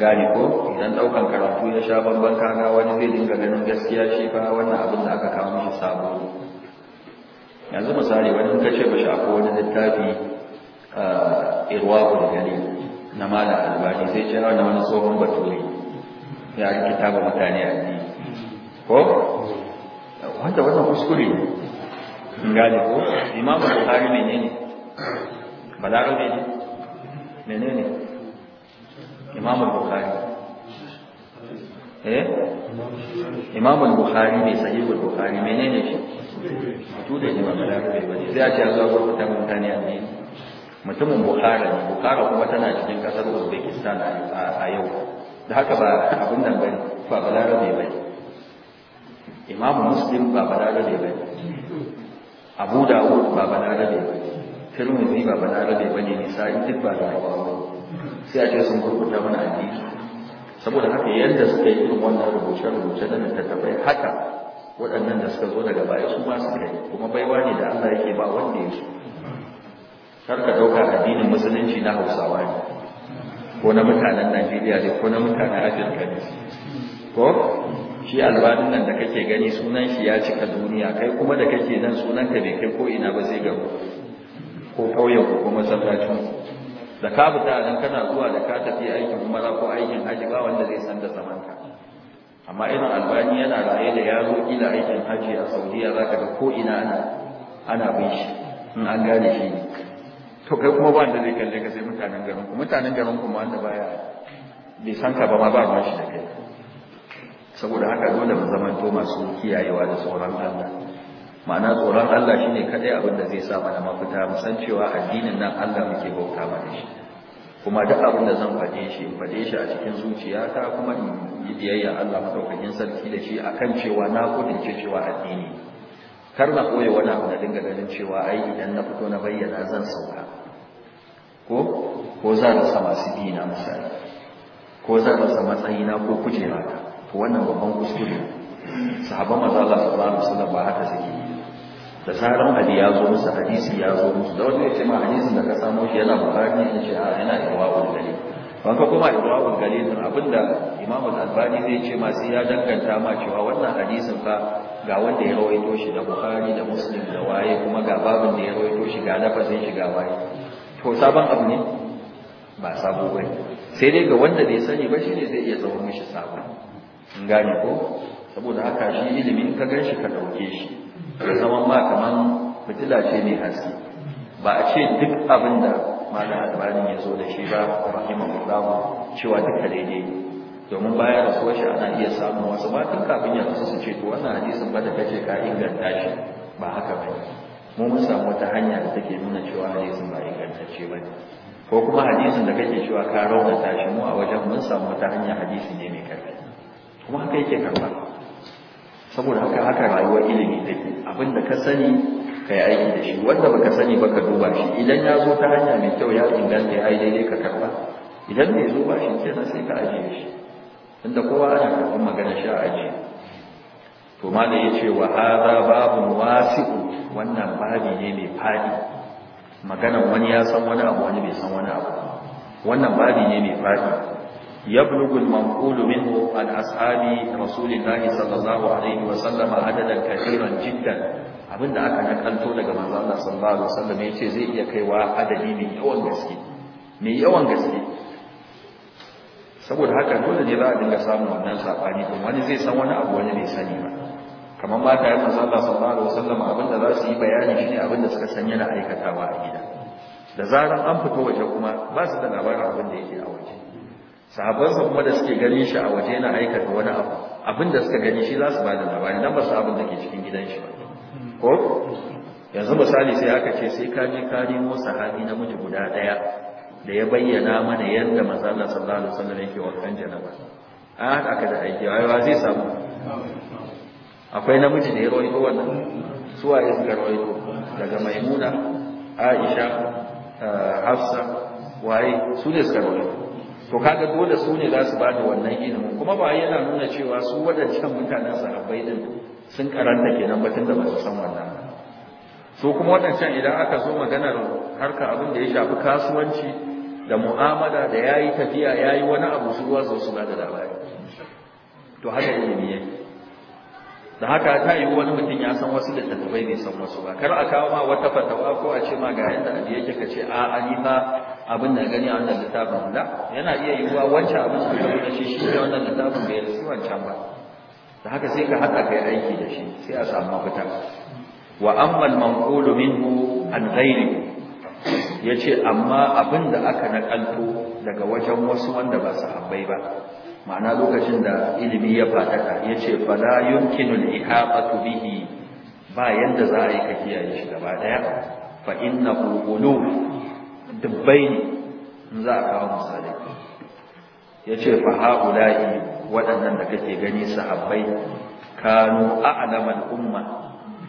gane ko idan ɗaukan karatu ya sha banban kaga wani zai dinga ganin gaskiya shi fa wannan abin da aka kawo mishi sabo yanzu misali wani in ce ba shi akwai wani littafi eh, irwaku da gari na mala albani sai ce na wani tsohon bature ya kitaba mutane addini ko wanda wannan kuskure ne gane ko imam bukhari menene Balaro ne ne? imam bukhari eh imam bukhari ne sahih bukhari menene shi to da imam balarabe ba ne sai a ce Allah ya rubuta mutane a ne mutumin Bukhari ne bukhara kuma tana cikin kasar uzbekistan a yau da haka ba abin nan bane ba balarabe bane imamu muslim ba balarabe ba ne abu dawud ba balarabe ba ne ba balarabe ba ne nisa'i duk ba da ba sai a ce sun gurguta mana addini saboda haka yadda suka yi irin wannan rubuce-rubuce da littattafai haka waɗannan da suka zo daga baya su ba su kai kuma baiwa ne da allah yake ba wanda ya so ka ɗauka addinin musulunci na hausawa ne ko na mutanen najeriya ne ko na mutanen afirka ne ko shi albanin nan da kake gani sunan shi ya cika duniya kai kuma da kake nan sunan ka bai kai ko ina ba zai gaba ko kauyen ko kuma sallacin da ka fita nan kana zuwa da ka tafi aikin za ko aikin haji ba wanda zai san da zaman ka amma irin albani yana raye da yaro kila aikin haji a saudiya zaka ga ko ina ana ana bin shi in an gane shi to kai kuma ba wanda zai kalle ka sai mutanen garin ku mutanen garin ku ma wanda baya bai san ka ba ma ba ruwan shi da kai saboda haka dole mu zamanto masu kiyayewa da tsoron Allah ma'ana tsoron Allah shine kadai abin da zai sa mana mafita mu cewa addinin nan Allah muke bauta da shi kuma duk abin da zan faɗe shi in faɗe shi a cikin zuciyata kuma in yi biyayya Allah madaukakin sarki da shi akan cewa na kudince cewa addini kar na koye wani abu na dinga ganin cewa ai idan na fito na bayyana zan sauka ko ko za na sama bi na misali ko za na sama matsayi ko kujera ta wannan babban kuskure sahaba maza Allah sallallahu alaihi wasallam ba haka suke da zaran hadisi ya zo musu hadisi ya zo musu da wannan ya ce ma hadisin da ka samu shi yana bukari ne shi a ah, yana irwa'ul gari. ban ka koma irwa'ul gari din abinda imamu al-albani zai ce ma sai ya danganta ma cewa wannan hadisin fa ga wanda ya rawaito shi da bukari da muslim da waye kuma ga babin da ya rawaito shi ga lafazin shi ga waye to sabon abu ne ba sabo bane sai dai ga wanda bai sani ba shine zai iya zama mishi sabo in gane ko saboda haka shi ilimin ka gan shi ka dauke shi zaman ma kaman fitila ce ne haske ba a ce duk abin da malam albani ya zo da shi ba rahimahullahu cewa duka daidai domin bayan rasuwar shi ana iya samun wasu ba tun kafin ya rasu su ce to wannan hadisin ba da kace ka inganta shi ba haka ba mu mun samu wata hanya da take nuna cewa hadisin ba ingantacce ba ne ko kuma hadisin da kake cewa ka raunata shi mu a wajen mun samu wata hanya hadisi ne mai karfi kuma haka yake karɓa saboda haka haka rayuwar ilimi take abin da ka sani ka yi aiki da shi wanda baka sani ba ka duba shi idan ya zo ta hanya mai kyau ya inganta ya yi daidai ka karba idan bai zo ba shi kenan sai ka ajiye shi inda kowa ana karɓar magana shi a ajiye to malam ya ce wa babu babu wasi'u wannan babi ne mai fadi maganan wani ya san wani abu wani bai san wani abu wannan babi ne mai fadi يبلغ المنقول منه عن أصحاب رسول الله صلى الله عليه وسلم عددا كثيرا جدا da aka nakalto daga manzo Allah sallallahu alaihi wasallam yace zai iya kaiwa adadi mai yawan gaske mai yawan gaske saboda haka dole ne za a dinga samun wannan sabani don wani zai san wani abu wani bai sani ba kamar mata ya manzo Allah sallallahu alaihi wasallam da za su yi bayani shine da suka san yana aikatawa a gida da zaran an fito waje kuma ba su da labarin abin da yake a waje sahabbansa kuma da suke ganin shi a waje yana aikata wani abu abin da suka gani shi za su bada labari nan ba su abin da ke cikin gidan shi ba ko yanzu misali sai aka ce sai ka je ka nemo sahabi namiji guda ɗaya da ya bayyana mana yadda manzo sallallahu alaihi wasallam yake wankan janaba a haka aka da aiki wai wa zai samu akwai namiji da ya rawaito wannan Su waye suka rawaito daga maimuna aisha eh, hafsa waye su ne suka rawaito to kaga dole su ne za su ba da wannan ilimin kuma ba yana nuna cewa su wadancan mutanen sahabbai din sun karanta kenan batun da ba su san wannan su kuma wadancan idan aka zo maganar harka abin da ya shafi kasuwanci da mu'amala da yayi tafiya yayi wani abu su ruwa zo su ba da labari to haka ilimi yake da haka ta yi wani mutum ya san wasu littattafai bai san wasu ba kar a kawo ma wata fatawa ko a ce ma ga yadda abu yake ka ce a ani ba abin da gani a wannan littafin da yana iya yiwuwa wancan abin da ka gudu shi shi ne wannan littafin bai rasu wancan ba da haka sai ka haɗa kai aiki da shi sai a samu mafita wa amma al-manqulu minhu an ghairi yace amma abin da aka nakalto daga wajen wasu wanda ba sahabbai ba ma'ana lokacin da ilimi ya fadaka yace fala yumkinu al-ihaqatu bihi ba yanda za a yi ka kiyaye shi gaba ɗaya, fa innahu qulub dubbai ne in za a kawo misali ce fa haula'i waɗannan da kake gani sahabbai kanu a'lama al-umma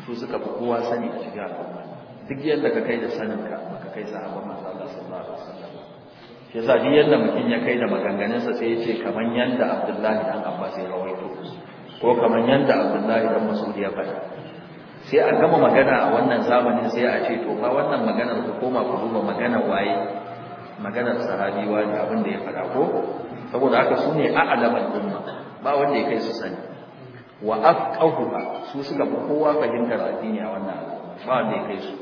su suka fi kowa sani a cikin al'umma duk yadda ka kai da saninka baka kai sahabban manzo Allah sallallahu alaihi wasallam shi yasa duk yadda mutum ya kai da maganganunsa sai ya ce kamar yadda Abdullahi dan Abbas ya rawaito ko kamar yadda Abdullahi dan Mas'ud ya faɗi. sai a gama magana a wannan zamanin sai a ce to fa wannan maganar ku koma ku duba maganar waye maganar sahabi da abin da ya faɗa ko saboda haka su ne a'lamal umma ba wanda ya kai su sani wa afqahuha su suka fi kowa fahimtar addini a wannan ba wanda ya kai su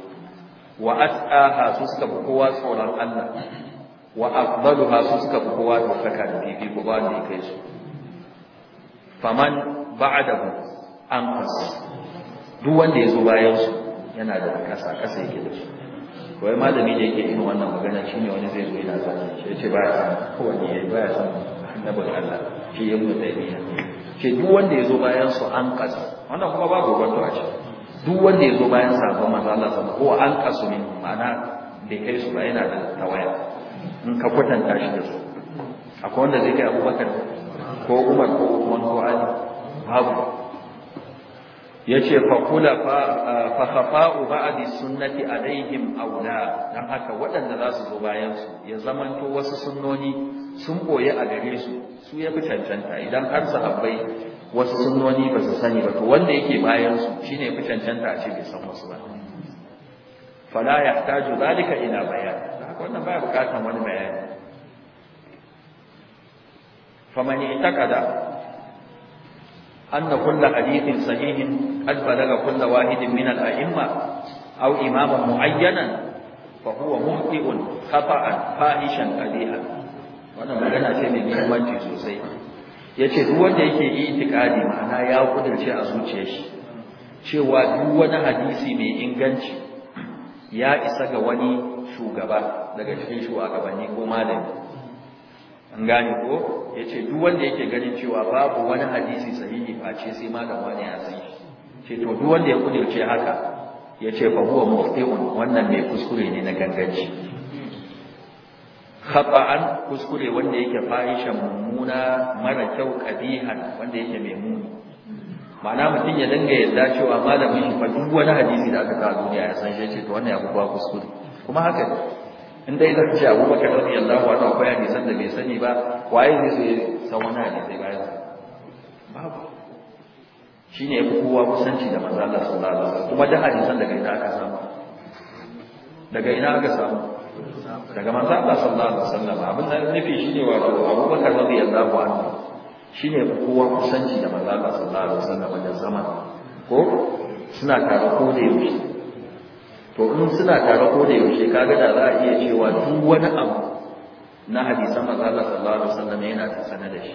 wa As'aha su suka fi kowa tsoron Allah wa afdalu su suka fi kowa saka da fifiko ba da kai su faman ba'adahu an kas duk wanda ya zo bayan su yana da kasa kasa yake da su kawai malami da yake yin wannan magana shine wani zai zo yana zaki shi yace ya san kowanne yayi ya san annabin Allah shi ya da yake Ke duk wanda ya zo bayan su an kasa wannan kuma gogon to a ce duk wanda ya zo bayan ba manzo Allah sallallahu alaihi wasallam ko an kasu min ma'ana da kai su ba yana da tawaya in ka kwatanta shi da su akwai wanda zai kai abubakar ko umar ko umar ko ali babu ya ce fakula fahafa'u ba'adi sunnati alaihim aula don haka waɗanda za su zo bayansu ya zamanto wasu sunnoni sun ɓoye a gare su su ya fi cancanta idan har sahabbai wasu sunnoni ba su sani ba to wanda yake bayansu shi ne fi cancanta a ce bai san wasu ba fala ya taju zalika ina bayan wannan baya bukatan wani bayani faman i'taqada anna kulla hadithin sahihin qad balaga kulla wahidin min al-a'imma aw imaman mu'ayyanan fa huwa muhti'un khata'an fahishan qadihan wannan magana ce mai muhimmanci sosai yace duk wanda yake itikadi ma'ana ya kudurce a zuciyar shi cewa duk wani hadisi mai inganci ya isa ga wani shugaba daga cikin shugabanni ko malami an gane ko yace duk wanda yake ganin cewa babu wani hadisi sahihi face sai malam wani ya sani ce to duk wanda ya kudirce haka yace fa huwa muftiun wannan mai kuskure ne na ganganci khata'an kuskure wanda yake fahisha mummuna mara kyau qabihan wanda yake mai muni ma'ana mutum ya dinga yadda cewa malamin fa duk wani hadisi da aka kawo duniya ya san shi ce to wannan ya kuwa kuskure kuma haka ne in dai zan ce abubakar radiyallahu anhu akwai hadisan da bai sani ba waye ne zai san wani hadisai bayan sa babu shine yafi kowa kusanci da manzo Allah sallallahu alaihi wasallam kuma da hadisan daga ina aka samu daga ina aka samu daga manzo Allah sallallahu alaihi wasallam abin da nufi shine wato abubakar radiyallahu anhu shine yafi kowa kusanci da manzo Allah sallallahu alaihi wasallam da zaman ko suna tare ko da yaushe to in suna tare ko da yaushe kaga da za a iya cewa duk wani abu na hadisan manzo Allah sallallahu alaihi wasallam yana ta sanar da shi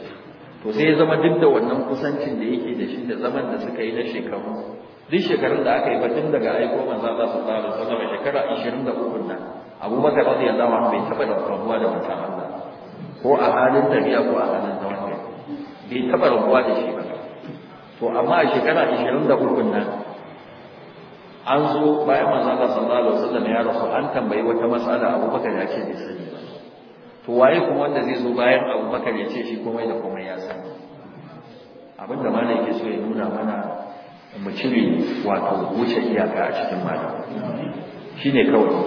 to sai ya zama duk da wannan kusancin da yake da shi da zaman da suka yi na shekaru duk shekarun da aka yi batun daga aiko manzo Allah sallallahu alaihi wasallam shekara 23 Abu Bakar radiyallahu anhu bai taba da rabuwa da manzon Allah ko a halin tafiya ko a halin zaman bai taba rabuwa da shi ba to amma a shekara 23 nan an zo bayan manzo Allah sallallahu alaihi wasallam ya rasu an tambayi wata matsala Abubakar ya ce bai sani ba to waye kuma wanda zai zo bayan Abubakar ya ce shi komai da komai ya sani abin da malam yake so ya nuna mana mu cire wato wuce iyaka a cikin malam shine kawai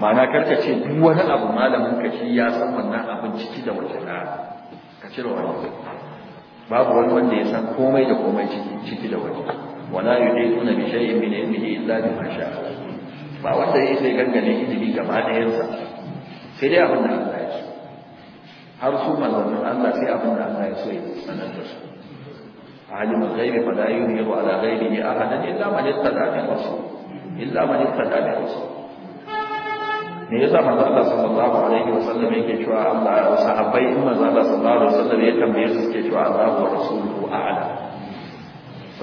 ma'ana karka ce duk wani abu malamin ka shi ya san wannan abin ciki da wace na ka cire wani babu wani wanda ya san komai da komai ciki da wani wala yuhituna bi shay'in min ilmihi illa bima sha'a ba wanda ya sai gangane ilimi gaba ɗayansa sai dai abin da Allah ya so har su manzannin Allah sai abin da Allah ya so ya sanar da su عالم الغيب فلا يظهر على غيره احدا الا من اتبع من رسول الا من اتبع من رسول me yasa manzo Allah sallallahu alaihi wasallam yake cewa Allah sahabbai in maza Allah sallallahu alaihi wasallam ya tambaye su yake cewa Allah wa rasuluhu a'lam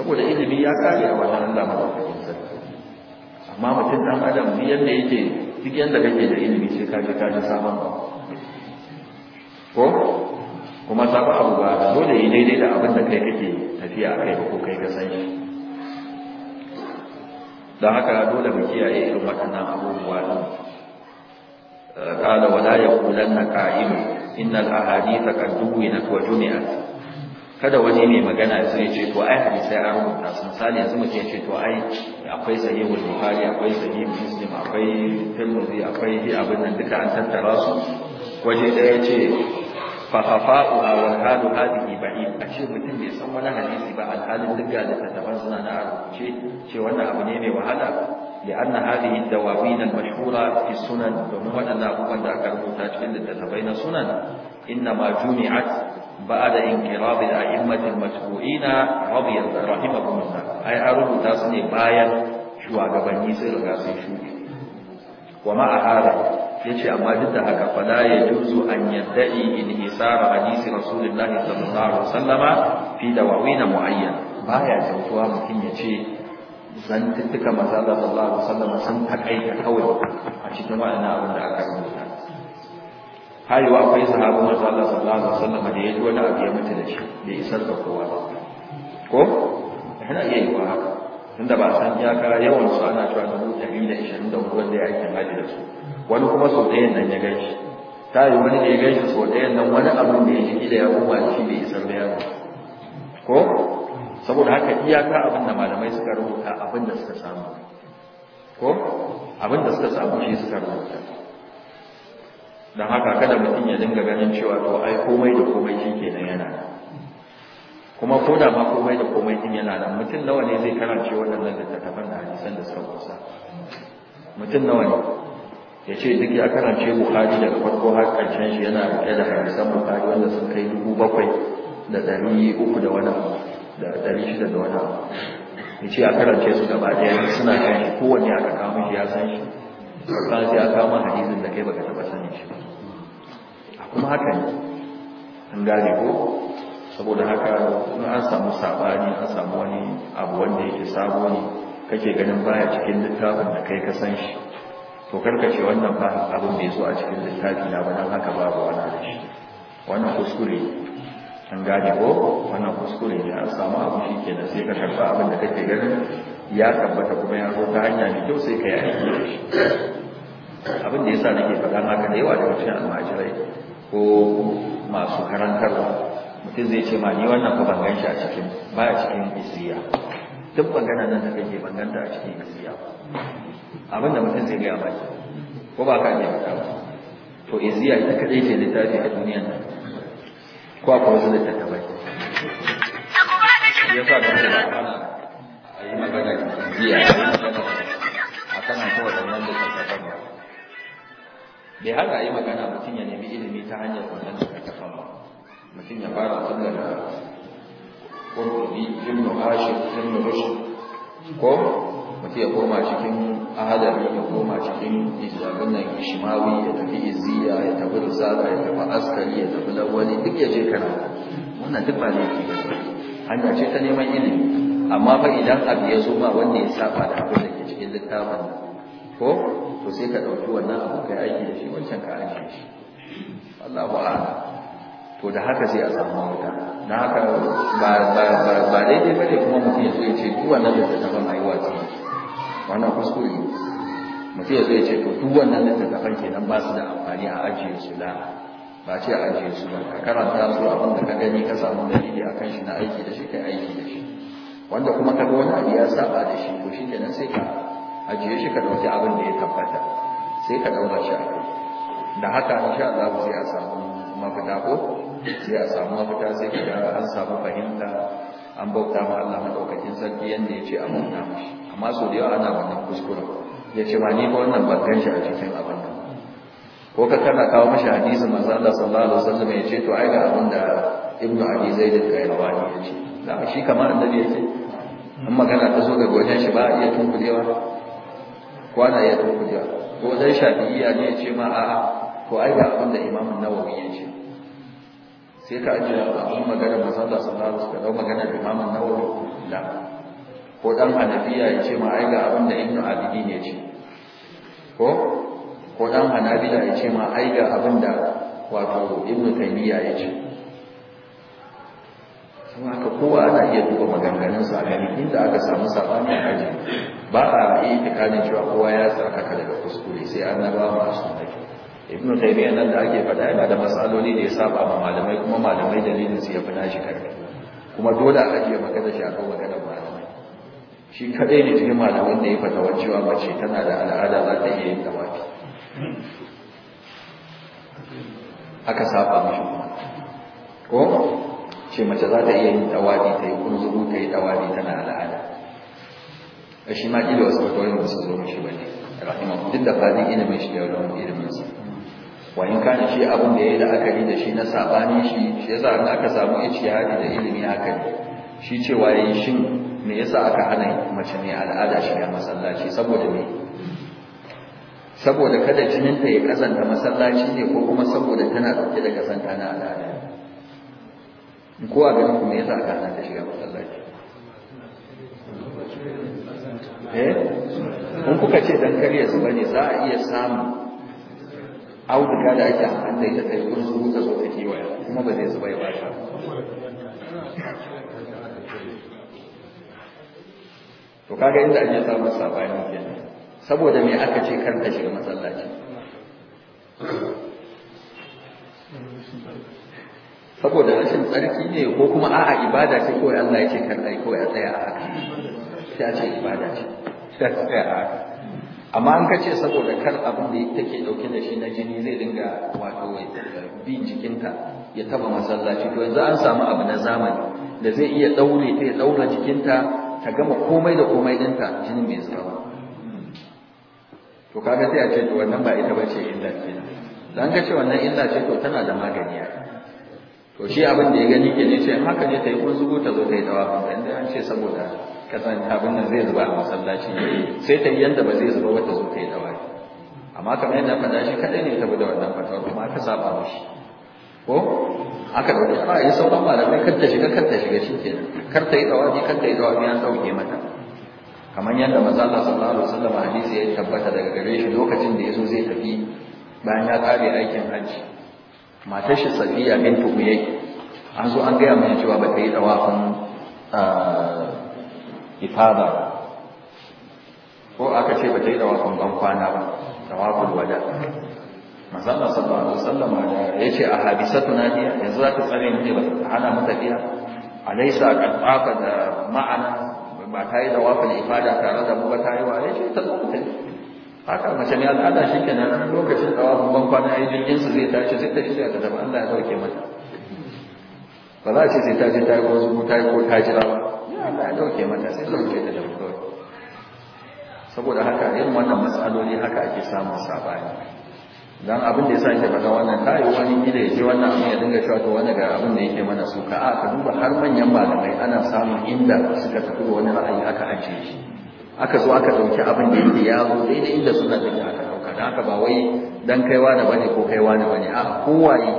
saboda ilimi ya kare a wannan Allah madaukakin sarki amma mutum dan adam ni yanda yake duk yanda kake da ilimi sai ka ji ka ji ba ko kuma sabon abu ba dole yi daidai da abin da kai kake tafiya a kai ko kai ka san shi don haka dole mu kiyaye irin waɗannan abubuwa ɗin قال ولا يقولن قائم إن الأحاديث قد دونت وجمعت kada wani mai magana ya ya ce to ai hadisai an rubuta su misali yanzu mutum ya ce to ai akwai sahihul bukhari akwai sahih muslim akwai tirmidhi akwai di abin nan duka an tattara su waje daya ce fa khafa'uha wa halu hadhihi ba'id a ce mutum bai san wani hadisi ba alhalin duka da tattaban suna na ce wannan abu ne mai wahala لأن هذه الدواوين المشهورة في السنن ومن أن أبو بكر أكرمه تاج إلا التتبين سنن إنما جمعت بعد انقراض الأئمة المتبوعين رضي الله رحمه الله أي أرد تصني بايا شو أغبني سير غاسي شو ومع هذا yace amma duk da haka fala ya juzu an yadda'i inhisara hadisi rasulullahi sallallahu alaihi wasallama fi dawawin muayyan baya kyautuwa mutum yace zantuttuka maza sallallahu alaihi wasallama sun takaita kawai a cikin wannan abin da aka rubuta harewa akwai sahabin manzo Allah sallallahu alaihi wasallam da ji wani abu ya mutu da shi bai isar da kowa ba ko yana iya yiwa haka tunda ba san kara yawan su ana cewa dubu ɗari da ishirin da hudu wanda ya aikin haji da su wani kuma sau ɗayan nan ya gan shi ta yi wani da ya gan shi sau ɗayan nan wani abu da ya ji da ya kuma shi bai isar da yawa ko saboda haka iyaka abin da malamai suka rubuta abin da suka samu ko abin da suka samu shi suka rubuta don haka kada mutum ya dinga ganin cewa to ai komai da komai shi nan yana kuma ko da ma komai da komai din yana nan mutum nawa ne zai karance waɗannan littattafan da hadisan da suka kusa mutum nawa ne ya ce duk ya karance bukhari daga farko har ƙarshen shi yana riƙe da hadisan bukhari wanda sun kai dubu bakwai da ɗari uku da wani da ɗari shida da wani ya ce a karance su gaba ɗaya suna kan shi kowanne aka kawo shi ya san shi ka sai a kama hadisin da kai baka taba sani shi ba kuma haka ne an gane ko saboda haka in an samu sabani an samu wani abu wanda yake sabo ne kake ganin baya cikin littafin da kai ka san shi to karka ce wannan ba abin bai zo a cikin littafi na ba dan haka babu wani da shi wannan kuskure an gane ko wannan kuskure ne an samu abu shi kenan sai ka karba abin da kake ganin ya tabbata kuma ya zo ta hanya da kyau sai ka yi aiki da shi abin da ya yasa nake faɗa maka da yawa daga cikin almajirai ko masu karantarwa mutum zai ce ma ni wannan ba ban shi a cikin ba a cikin isiya duk magana nan da kake ban ganta a cikin isiya da mutum zai gaya baki ko ba ka ne ba to isiya ita kadai ce tafi a duniyan nan ko akwai wasu littattafai yasa ba ana a yi magana jiya a a kanan kowace nan da karkafan ba bai hana a yi magana mutum ya nemi ilimi ta hanyar wannan da karkafan ba mutum ya fara tun daga ƙurƙuri jimno, hashim jimno, rushd ko mutum ya koma cikin ahadari ya koma cikin abin nan ishimawi ya tafi izziya ya tafi risala ya tafi askari ya tafi lawali duk ya je kana wannan duk ba laifi ba hanya ce ta neman ilimi amma fa idan abu ya zo ma wanda ya saba da abin da ke cikin littafin ko to sai ka ɗauki wannan abu kai aiki da shi wancan ka aiki da shi ba a'lam to da haka sai a samu wuta da haka ba ba ba ba daidai bane kuma mutum ya zo ya ce duk wannan da littattafan ayi watsi wannan kuskure mutum ya zo ya ce to duk wannan da littattafan kenan ba su da amfani a ajiye su da ba ce a ajiye su ba ka karanta su abin da ka gani ka samu dalili akan shi na aiki da shi kai aiki da wanda kuma ga wani abu ya saba da shi ko shi kenan sai ka ajiye shi ka dauki abin da ya tabbata sai ka daura shi a da haka insha Allah sai a samu mafita ko sai a samu mafita sai ka ga an samu fahimta an bauta ma Allah daukakin sarki yanda ya ce a bauta mishi amma sau da yawa ana wannan kuskuren ya ce ba ni ba wannan ban shi a cikin abin nan ko ka kana kawo mashi hadisin manzo Allah sallallahu alaihi wasallam ya ce to ai ga abin da Ibn Abi Zaid al-Qayrawani ya ce da shi kamar annabi ya ce in magana ta zo daga wajen shi ba a iya tunkulewa ko ana iya tunkulewa ko shafi iya ne ya ce ma a ko ai ga abin da imamun nawawi ya ce sai ka ajiye abin magana masalla sallallahu su wasallam magana da imamun nawawi da ko dan hanafiya ya ce ma ai ga abin da ibnu abidi ne ce ko ko dan hanabila ya ce ma ai ga abin da wato ibnu taymiya ya ce sun haka kowa ana iya duba maganganunsa a gani inda aka samu sabani a aji ba a yi tikanin cewa kowa ya tsarkaka daga kuskure sai annaba masu nake ibn taymiya nan da ake faɗa yana da matsaloli da ya saba ma malamai kuma malamai dalilin su ya fi nashi karfi kuma dole a ajiye magana shi akan maganar malamai shi kadai ne cikin malamin da ya fata cewa mace tana da al'ada za ta iya yin tawafi aka saba mashi kuma ko ce mace za ta iya yin tawadi ta yi kunzuru ta yi tawadi tana al'ada a shi ma ƙila wasu fatoyin ba su zo mashi ba ne rahimahu duk da fadin ilimin shi yau da wani ilimin sa wa in shi abin da ya yi la'akari da shi na sabanin shi shi yasa da aka samu hari da ilimi haka shi ce waye shi shin me yasa aka hana mace ne al'ada ya masallaci saboda me saboda kada jininta ya kasanta masallaci ne ko kuma saboda tana ɗauke da kasanta na al'ada ko a ganin kuma yasa aka hana ta shiga masallaci eh in kuka ce dan kariya su bane za a iya samu auduga da ake amfani da ita kai yi gurin zuwa zo ta kiwa kuma ba zai zuba ba ta to kaga inda ake samu sabani kenan saboda me aka ce kar ta shiga masallaci saboda rashin tsarki ne ko kuma a'a ibada ce kawai Allah ya ce kar ai kawai a tsaya a haka sai a ce ibada ce sai a tsaya a haka amma an ka ce saboda kar abin da take dauke da shi na jini zai dinga wato bin jikinta ya taba masallaci to yanzu an samu abu na zamani da zai iya daure ta ya daura jikinta ta gama komai da komai dinta jinin mai zuba to kaga sai a ce to wannan ba ita bace illa ce dan ka ce wannan illa ce to tana da magani a to shi abin da ya gani ke ne sai haka ne ta yi kun ta zo ta yi dawa inda an ce saboda kasan abin nan zai zuba a masallaci sai ta yi yanda ba zai zuba ba ta zo ta yi dawa amma kamar yadda faɗa shi kaɗai ne ta bi da wannan fatawa kuma aka saba mishi ko aka dauki a yi sauran malamai kar ta shiga kar ta shiga shi ke kar ta yi dawabi kar ta yi dawabi an dauke mata kamar yadda mazalla sallallahu alaihi wasallam hadisi ya tabbata daga gare shi lokacin da yazo zai tafi bayan ya kare aikin hajji matar shi safiya bintu huyai an zo an gaya mai cewa ba ta yi dawafin ah, ifada ko aka ce ba ta yi dawafin ban kwana ba dawafin wada manzon sallallahu alaihi wasallam ya ce a habisatu nadiya yanzu za ta tsare mu ne ba hana mu tafiya alaysa qad da ma'ana ba ta yi dawafin ifada tare da mu ba ta yi wa ya ce ta zo haka mace ne al'ada shi kenan lokacin tsawafin ban kwana yi su zai tashi sai ta shirya ta zama Allah ya dauke mata ba za a ce sai ta je ta yi wasu ta yi ko ta jira ba Allah ya dauke mata sai ta dauke ta da kawai saboda haka irin wannan matsaloli haka ake samun sabani dan abin da ya sake faɗa wannan ta wani gida ya je wannan abin ya dinga cewa to wani ga abin da yake mana suka a ka duba har manyan malamai ana samun inda suka tafi wani ra'ayi aka ajiye shi aka zo aka ɗauki abin da yake ya zo da inda suna da aka dauka dan haka ba wai dan kaiwa da bane ko kaiwa da bane a'a kowaye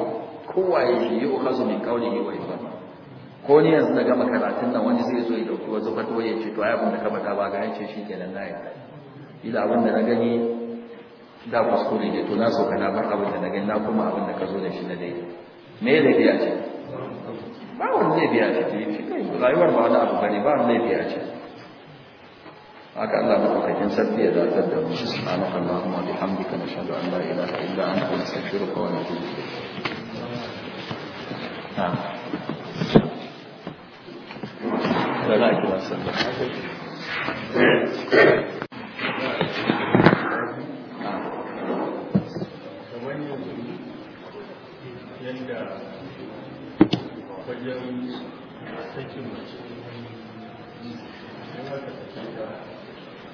kowaye shi yi ukhazu min qawlihi wa ifami ko ni yanzu na gama karatun nan wani zai zo ya dauki wazo fatuwa ya ce to ai abin da ka faɗa ba ga yace shikenan na yi ila abin da na gani da kuskure ne to na so na bar abin da na gani na kuma abin da ka zo da shi na dai me dai biya ce ba wani zai biya ce shi kai rayuwar ba wani abu bane ba wani zai biya ce haka Allah madaukakin sarki ya datar da mu subhanaka allahumma wa bihamdika nashhadu an la ilaha illa anta nastaghfiruka wa natubu ilayk Thank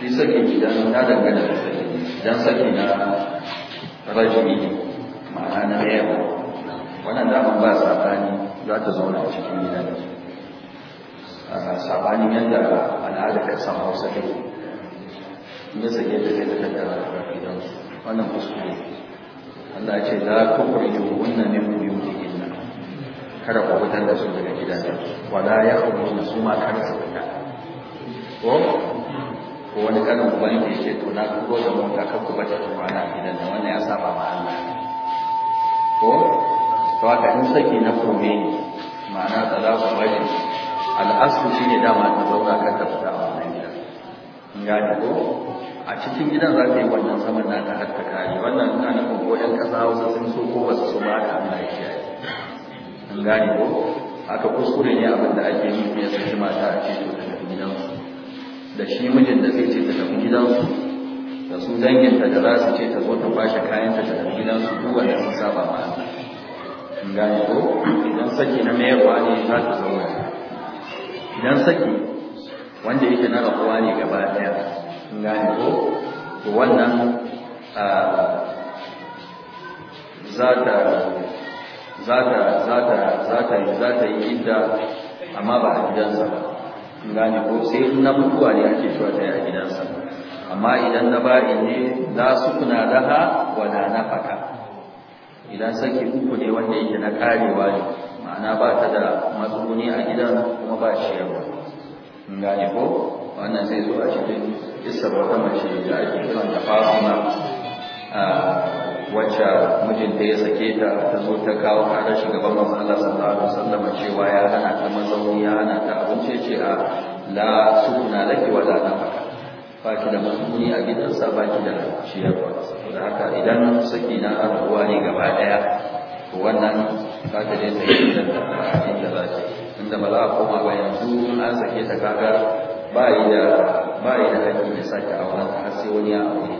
shi saki gidan ya dangana da saki dan saki na rajimi ne ma'ana na yawa wannan daman ba sabani za ta zauna a cikin gidan sabanin yadda al'adar kasan hausa ne in ya sake da zai ta tattara da gidan wannan kuskure Allah ya ce ne mu yi min gidan kada ku fitar da su daga gidan wala ya khuruju su ma kar su fita ko ko wani kanin uban ke ce to na turo da mota kan ku bata na gidan da wannan ya saba ma Allah ko to haka in saki na kome ne ma'ana ku bari al'asu ne dama ta zauna kan ta fita a wannan gidan in gane ko a cikin gidan za ta yi wannan saman na ta hatta ta kare wannan kanin ko yan kasa wasu sun so ko wasu su ma ka Allah ya shi in gane ko aka kuskure ne abin da ake yi ya saki mata a cikin gidan da shi mijin da zai ce ta tafi gidansu da su danginta da za su ce ta zo ta kwashe kayanta ta tafi gidansu duk wanda sun saba ma gane ko idan saki na mayarwa ne za ta zauna idan saki wanda yake na rabuwa ne gaba ɗaya gane ko to wannan za ta za ta za ta za ta yi idda amma ba a gidansa ba gane ko sai in na mutuwa ne ake cewa ta yi a gidansa amma idan na ba'in ne za su kuna laha wada na nafaka idan saki uku ne wanda yake na karewa ne ma'ana ba ta da matsuguni a gidan kuma ba shi yawa gane ko wannan sai zuwa cikin isar wata mace da ake kiran da fara wacce mijinta ya sake ta ta zo ta kawo karar shugaban manzo Allah sallallahu alaihi wasallam cewa ya hana ta mazauni ya hana ta abinci ce a la sukuna laki wala nafaka ba ki da mazauni a gidansa ba ki da ciyarwa saboda haka idan saki na abubuwa ne gaba daya to wannan za ta sai da yi da inda za ta inda ba za a koma ba yanzu an sake ta kaga ba yi da ba yi da hakki ya sake auren har sai wani ya aure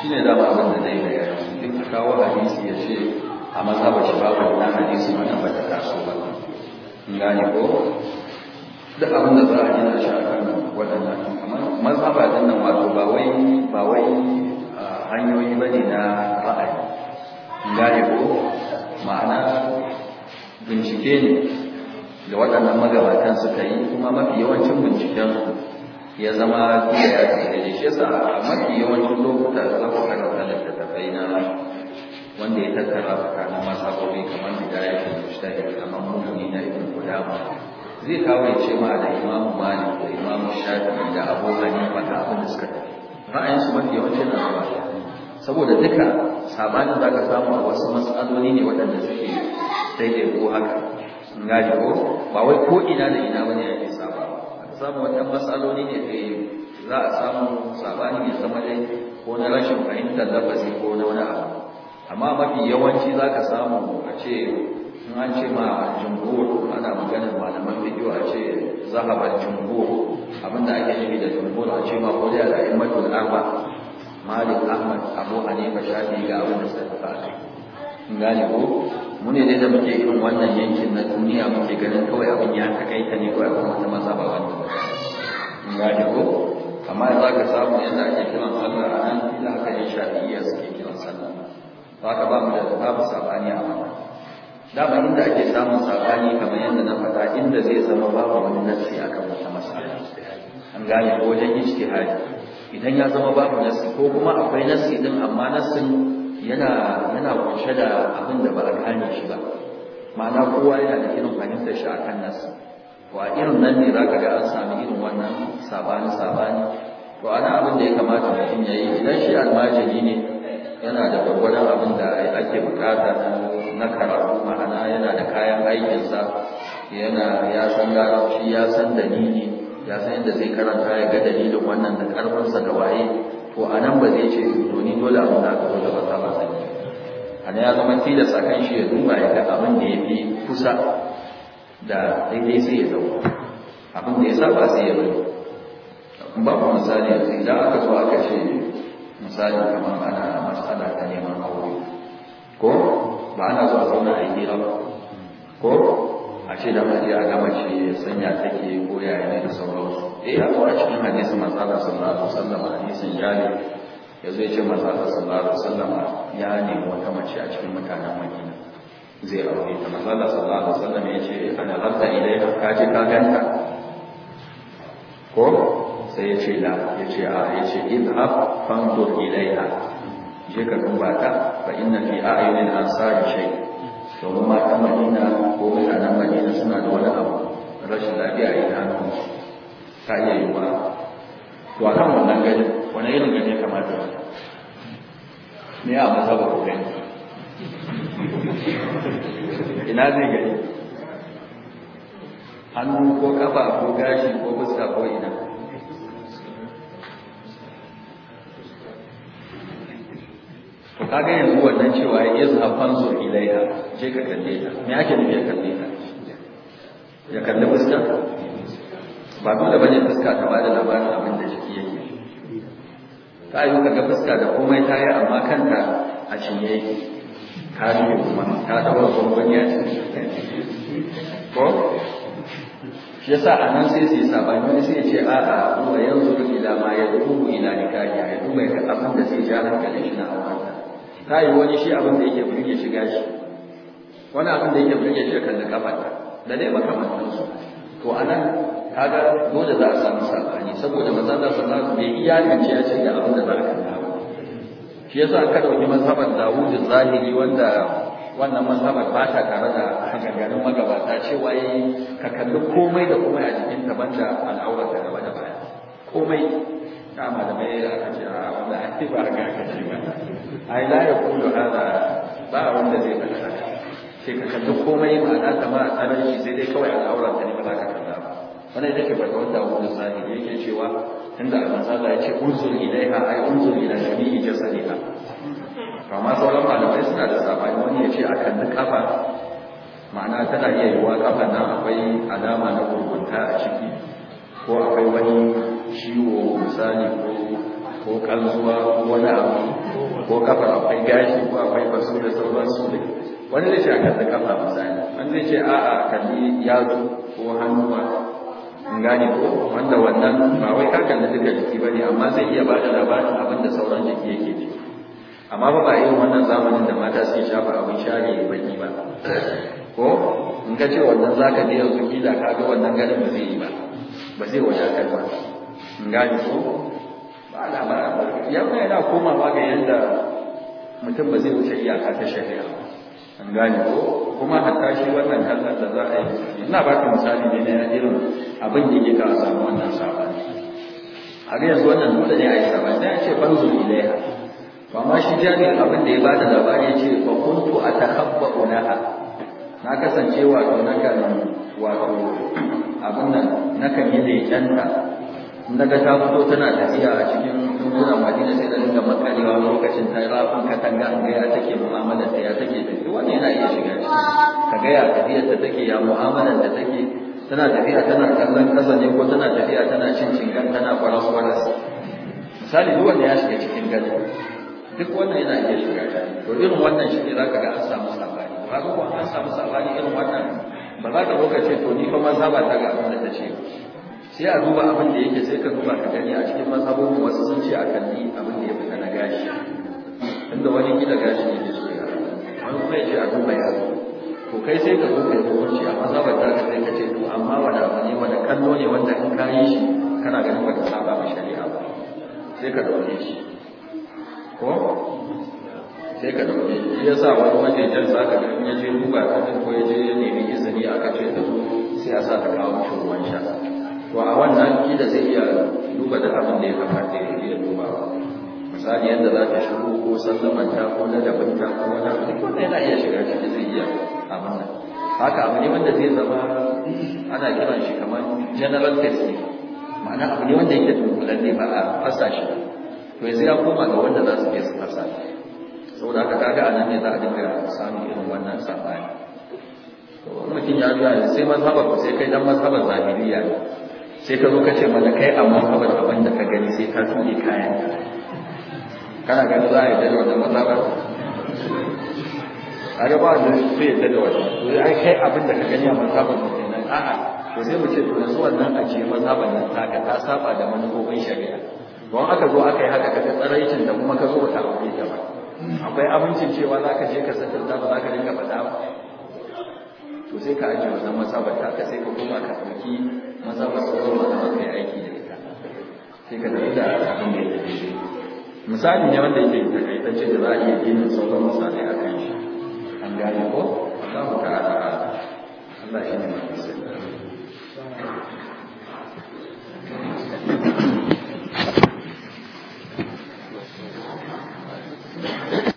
shi ne dama abin da zai bayar duk da kawo hadisi ya ce a maza ba shi babu wannan hadisi wannan ba ta taso ba gane ko duk abin da za a gina shi a kan waɗannan mazhaba ɗin nan wato ba wai ba wai hanyoyi ba ne na ra'ayi gane ko ma'ana bincike ne da waɗannan magabatan suka yi kuma mafi yawancin binciken ya zama dukiya ce da shi yasa a mafi yawancin lokuta za ku karanta littattafai na wanda ya tattara tsakanin masabobi kamar da bidayatul mujtahid kamar mutumi na ibn qudama zai kawo ya ce ma da imamu malik da imamu shafi da abu hanifa da abin da suka tafi ra'ayinsu mafi yawancin na zuwa saboda duka sabanin za ka samu a wasu matsaloli ne waɗanda suke daidai ko haka in gaji ko ba wai ko ina da ina bane ake saba samu wajen matsaloli ne da yi za a samu sabani mai zama dai ko na rashin fahimtar lafazi ko na wani abu amma mafi yawanci za ka samu a ce in an ce ma jumhur ana maganar malaman bidiyo a ce zahabar jumhur abinda ake nufi da jumhur a ce ma ko dai al'aimatul arba malik ahmad abu hanifa shafi ga abin da suka faɗa gane ko mu ne da muke irin wannan yankin na duniya muke ganin kawai abin ya takaita ne kawai kuma ta maza ba wani gane ko amma za ka samu yadda ake kiran sallah a nan ila haka ya shafi'iyya suke kiran sallah ba ka ba mu da babu sabani a wannan dama inda ake samun sabani kamar yadda na faɗa inda zai zama babu wani nassi aka wata masala an gane ko wajen ijtihadi idan ya zama babu nassi ko kuma akwai nassi din amma nassin yana yana kunshe da abin da ba a shi ba ma'ana kowa yana da irin fahimtar shi kan nasu wa irin nan ne zaka ga an sami irin wannan sabani sabani to ana abin da ya kamata mutum ya yi idan shi almajiri ne yana da gwargwadon abin da ake bukata na karatu ma'ana yana da kayan aikinsa yana ya san larabci ya san dalili ya san yadda zai karanta ya ga dalilin wannan da karfinsa da waye to a nan ba zai ce doni ni dole a da aka zo ba basa ba sani a nan ya zama tilas a kan shi ya duba ya ga abin da ya fi kusa da daidai sai ya dauka abin da ya saba sai ya bari in ba ku misali yanzu idan aka zo aka ce misali kamar ana masala ta neman aure ko ba ana zuwa zauna a yi ba ko a ce da mace a gama ce sanya take ko yaya ne da sauransu eh ya zo a cikin hadisi manzala sallallahu alaihi wasallam hadisin jari ya zo ya ce manzala sallallahu alaihi wasallam ya nemi wata mace a cikin mutanen madina zai aure ta manzala sallallahu alaihi wasallam ya ce ana labta ilaika ka ce ka ganta ko sai ya ce la ya ce a ya ce idhab fanzur ilaiha je ka duba ta fa inna fi a'yunil ansari shai. domin matan madina ko mutanen madina suna da wani abu rashin lafiya a idanunsu ta iya yi ba to a kan wannan gani wani irin gani kamata ne a mazaba ku gani ina zai gani hannu ko kafa ko gashi ko fuska ko ina to kaga yanzu wannan cewa ya iz afanzu ilaiha je ka kalle ta me ake nufi ya kalle ta ya kalle fuska ba da bane fuska ta bada labarin abin da jiki yake ta yi kaga fuska da komai ta yi amma kanta a cinye ta yi kuma ta daura gwangwani ce. ko shi yasa a nan sai sai sabani wani sai ce a a kuma yanzu ila ma ya dubu ila nikahi ya duba ya abin da sai ja hankalin shi na aurata ta yi wani shi abin da yake burge shiga shi wani abin da yake burge shi da kafarta da dai su. to a nan kaga dole za a samu sabani saboda mazan da sallallahu da iya bai iyakance ya ce da abin da za ka kalla shi yasa ka dauki mazhabar Dawud zahiri wanda wannan mazhabar ba ta tare da maganganun magabata cewa yi ka kalli komai da komai a cikin ta banda al'aura ta gaba da baya komai Kama da mai aka ce a ah, wanda ake ba ga aka ce ba ai la ya kullu hada ba wanda zai faɗi haka sai ka kalli komai ma'ana kama a tsanan shi sai dai kawai aura ta ne ba za ka kalla ba wannan yake ce fatawar da Abu Sa'id yake cewa tunda Allah sallallahu ya ce unzur ilaiha ai unzur ila shabihi jasadiha amma sauran malamai suna da sabani wani ya ce a kalli kafa ma'ana tana iya yiwuwa kafa nan akwai alama na gurgunta a ciki ko akwai wani ciwo misali ko ko kalzuwa ko wani abu ko kafa akwai gashi ko akwai basu da sauransu ne wani zai ce a da kafa misali wani zai ce a a kalli yatsu ko hannuwa in gane ko wanda wannan ba wai ka kalli duka jiki ba ne amma zai iya ba da labarin abin da sauran jiki yake ji amma ba ba irin wannan zamanin da mata suke shafa abin share baki ba ko in ka ce wannan za je yanzu kila ka ga wannan garin ba zai yi ba ba zai wadatar ba in gane ko ba labarin yana komawa ga yadda mutum ba zai wuce iyaka ta shari'a an gane ko kuma hatta shi wannan kallon da za a yi ina ba ka misali ne na irin abin da yake kawo samu wannan sabani a ga yanzu wannan dole ne a yi sabani dan ce banzu ilaiha ba ma shi jami'in abin da ya bada labari ya ce ba kuntu atakhabba'u unaha na kasance wato kan wato abin nan nakan yi leƙenta na ta fito tana tafiya a cikin dungunan madina sai da dinga makarewa lokacin ta yi rafin katanga in ga ya take mu'amalar ta ya take Tafi wani yana iya shiga ciki ka gaya ya tafiyar ta take ya mu'amalar ta take tana tafiya tana kallon ƙasa ne ko tana tafiya tana cin cingan tana kwaras kwaras misali duk wanda ya shiga cikin gado duk wannan yana iya shiga to irin wannan shi ne za ka ga an samu sabani ba ko an samu sabani irin wannan ba za ka zo to ni fa mazhaba ta ga abin da ta ce sai a duba abin da yake sai ka duba ka gani a cikin mazhabin wasu sun ce a kalli abin da ya fita na gashi inda wani gida gashi ne ke soya wani kuma ya ce a duba ya to kai sai ka zo ka yi hukunci a mazhabar ta ka sai ka ce to amma wani abu ne wani kallo ne wanda in ka yi shi kana ganin ba ta saba ma shari'a ba sai ka dauke shi ko sai ka dauke shi ya yasa wani ya sa ka in ya je duba ka ko ya je ne nemi izini aka ce da zo sai a sa ta kawo shi ruwan sha to a wannan da zai iya duba da abin da ya kamata ya iya duba misali yadda za ta shigo ko sallamanta ko na dabanta ko wani abu ko da yana iya shiga ciki zai iya abin haka abu ne wanda zai zama ana kiran shi kamar general test ne ma'ana abu ne wanda yake dunkulan ne ba a fasa shi to yanzu ya koma ga wanda za su iya su fasa saboda haka kaga a nan ne za a dinga samun irin wannan sabani mutum ya zuwa sai mazhabar sai kai dan mazhabar zahiriya ne sai ka zo ka ce mana kai amma ka abin da ka gani sai ka tuni kayan kana ganin za a yarda da wannan matsalar a ba da su yi da su yi ai kai abin da ka gani a mazhaban mu kenan a'a to sai mu ce to yanzu wannan a ce ba nan taka ta saba da manufofin shari'a don aka zo aka yi haka ka ga tsaraicin da kuma ka zo ka aure ta ba akwai amincin cewa za ka je ka sakar ba za ka dinga faɗa ba to sai ka ajiye wannan ta ka sai ka koma ka ɗauki maza ba su zo da kai aiki da ita sai ka tafi da abin ya tafi misali ne wanda yake takaitacce da za a iya gina sauran misali a kan shi an gane ko za mu ta'ala Allah shi ne sai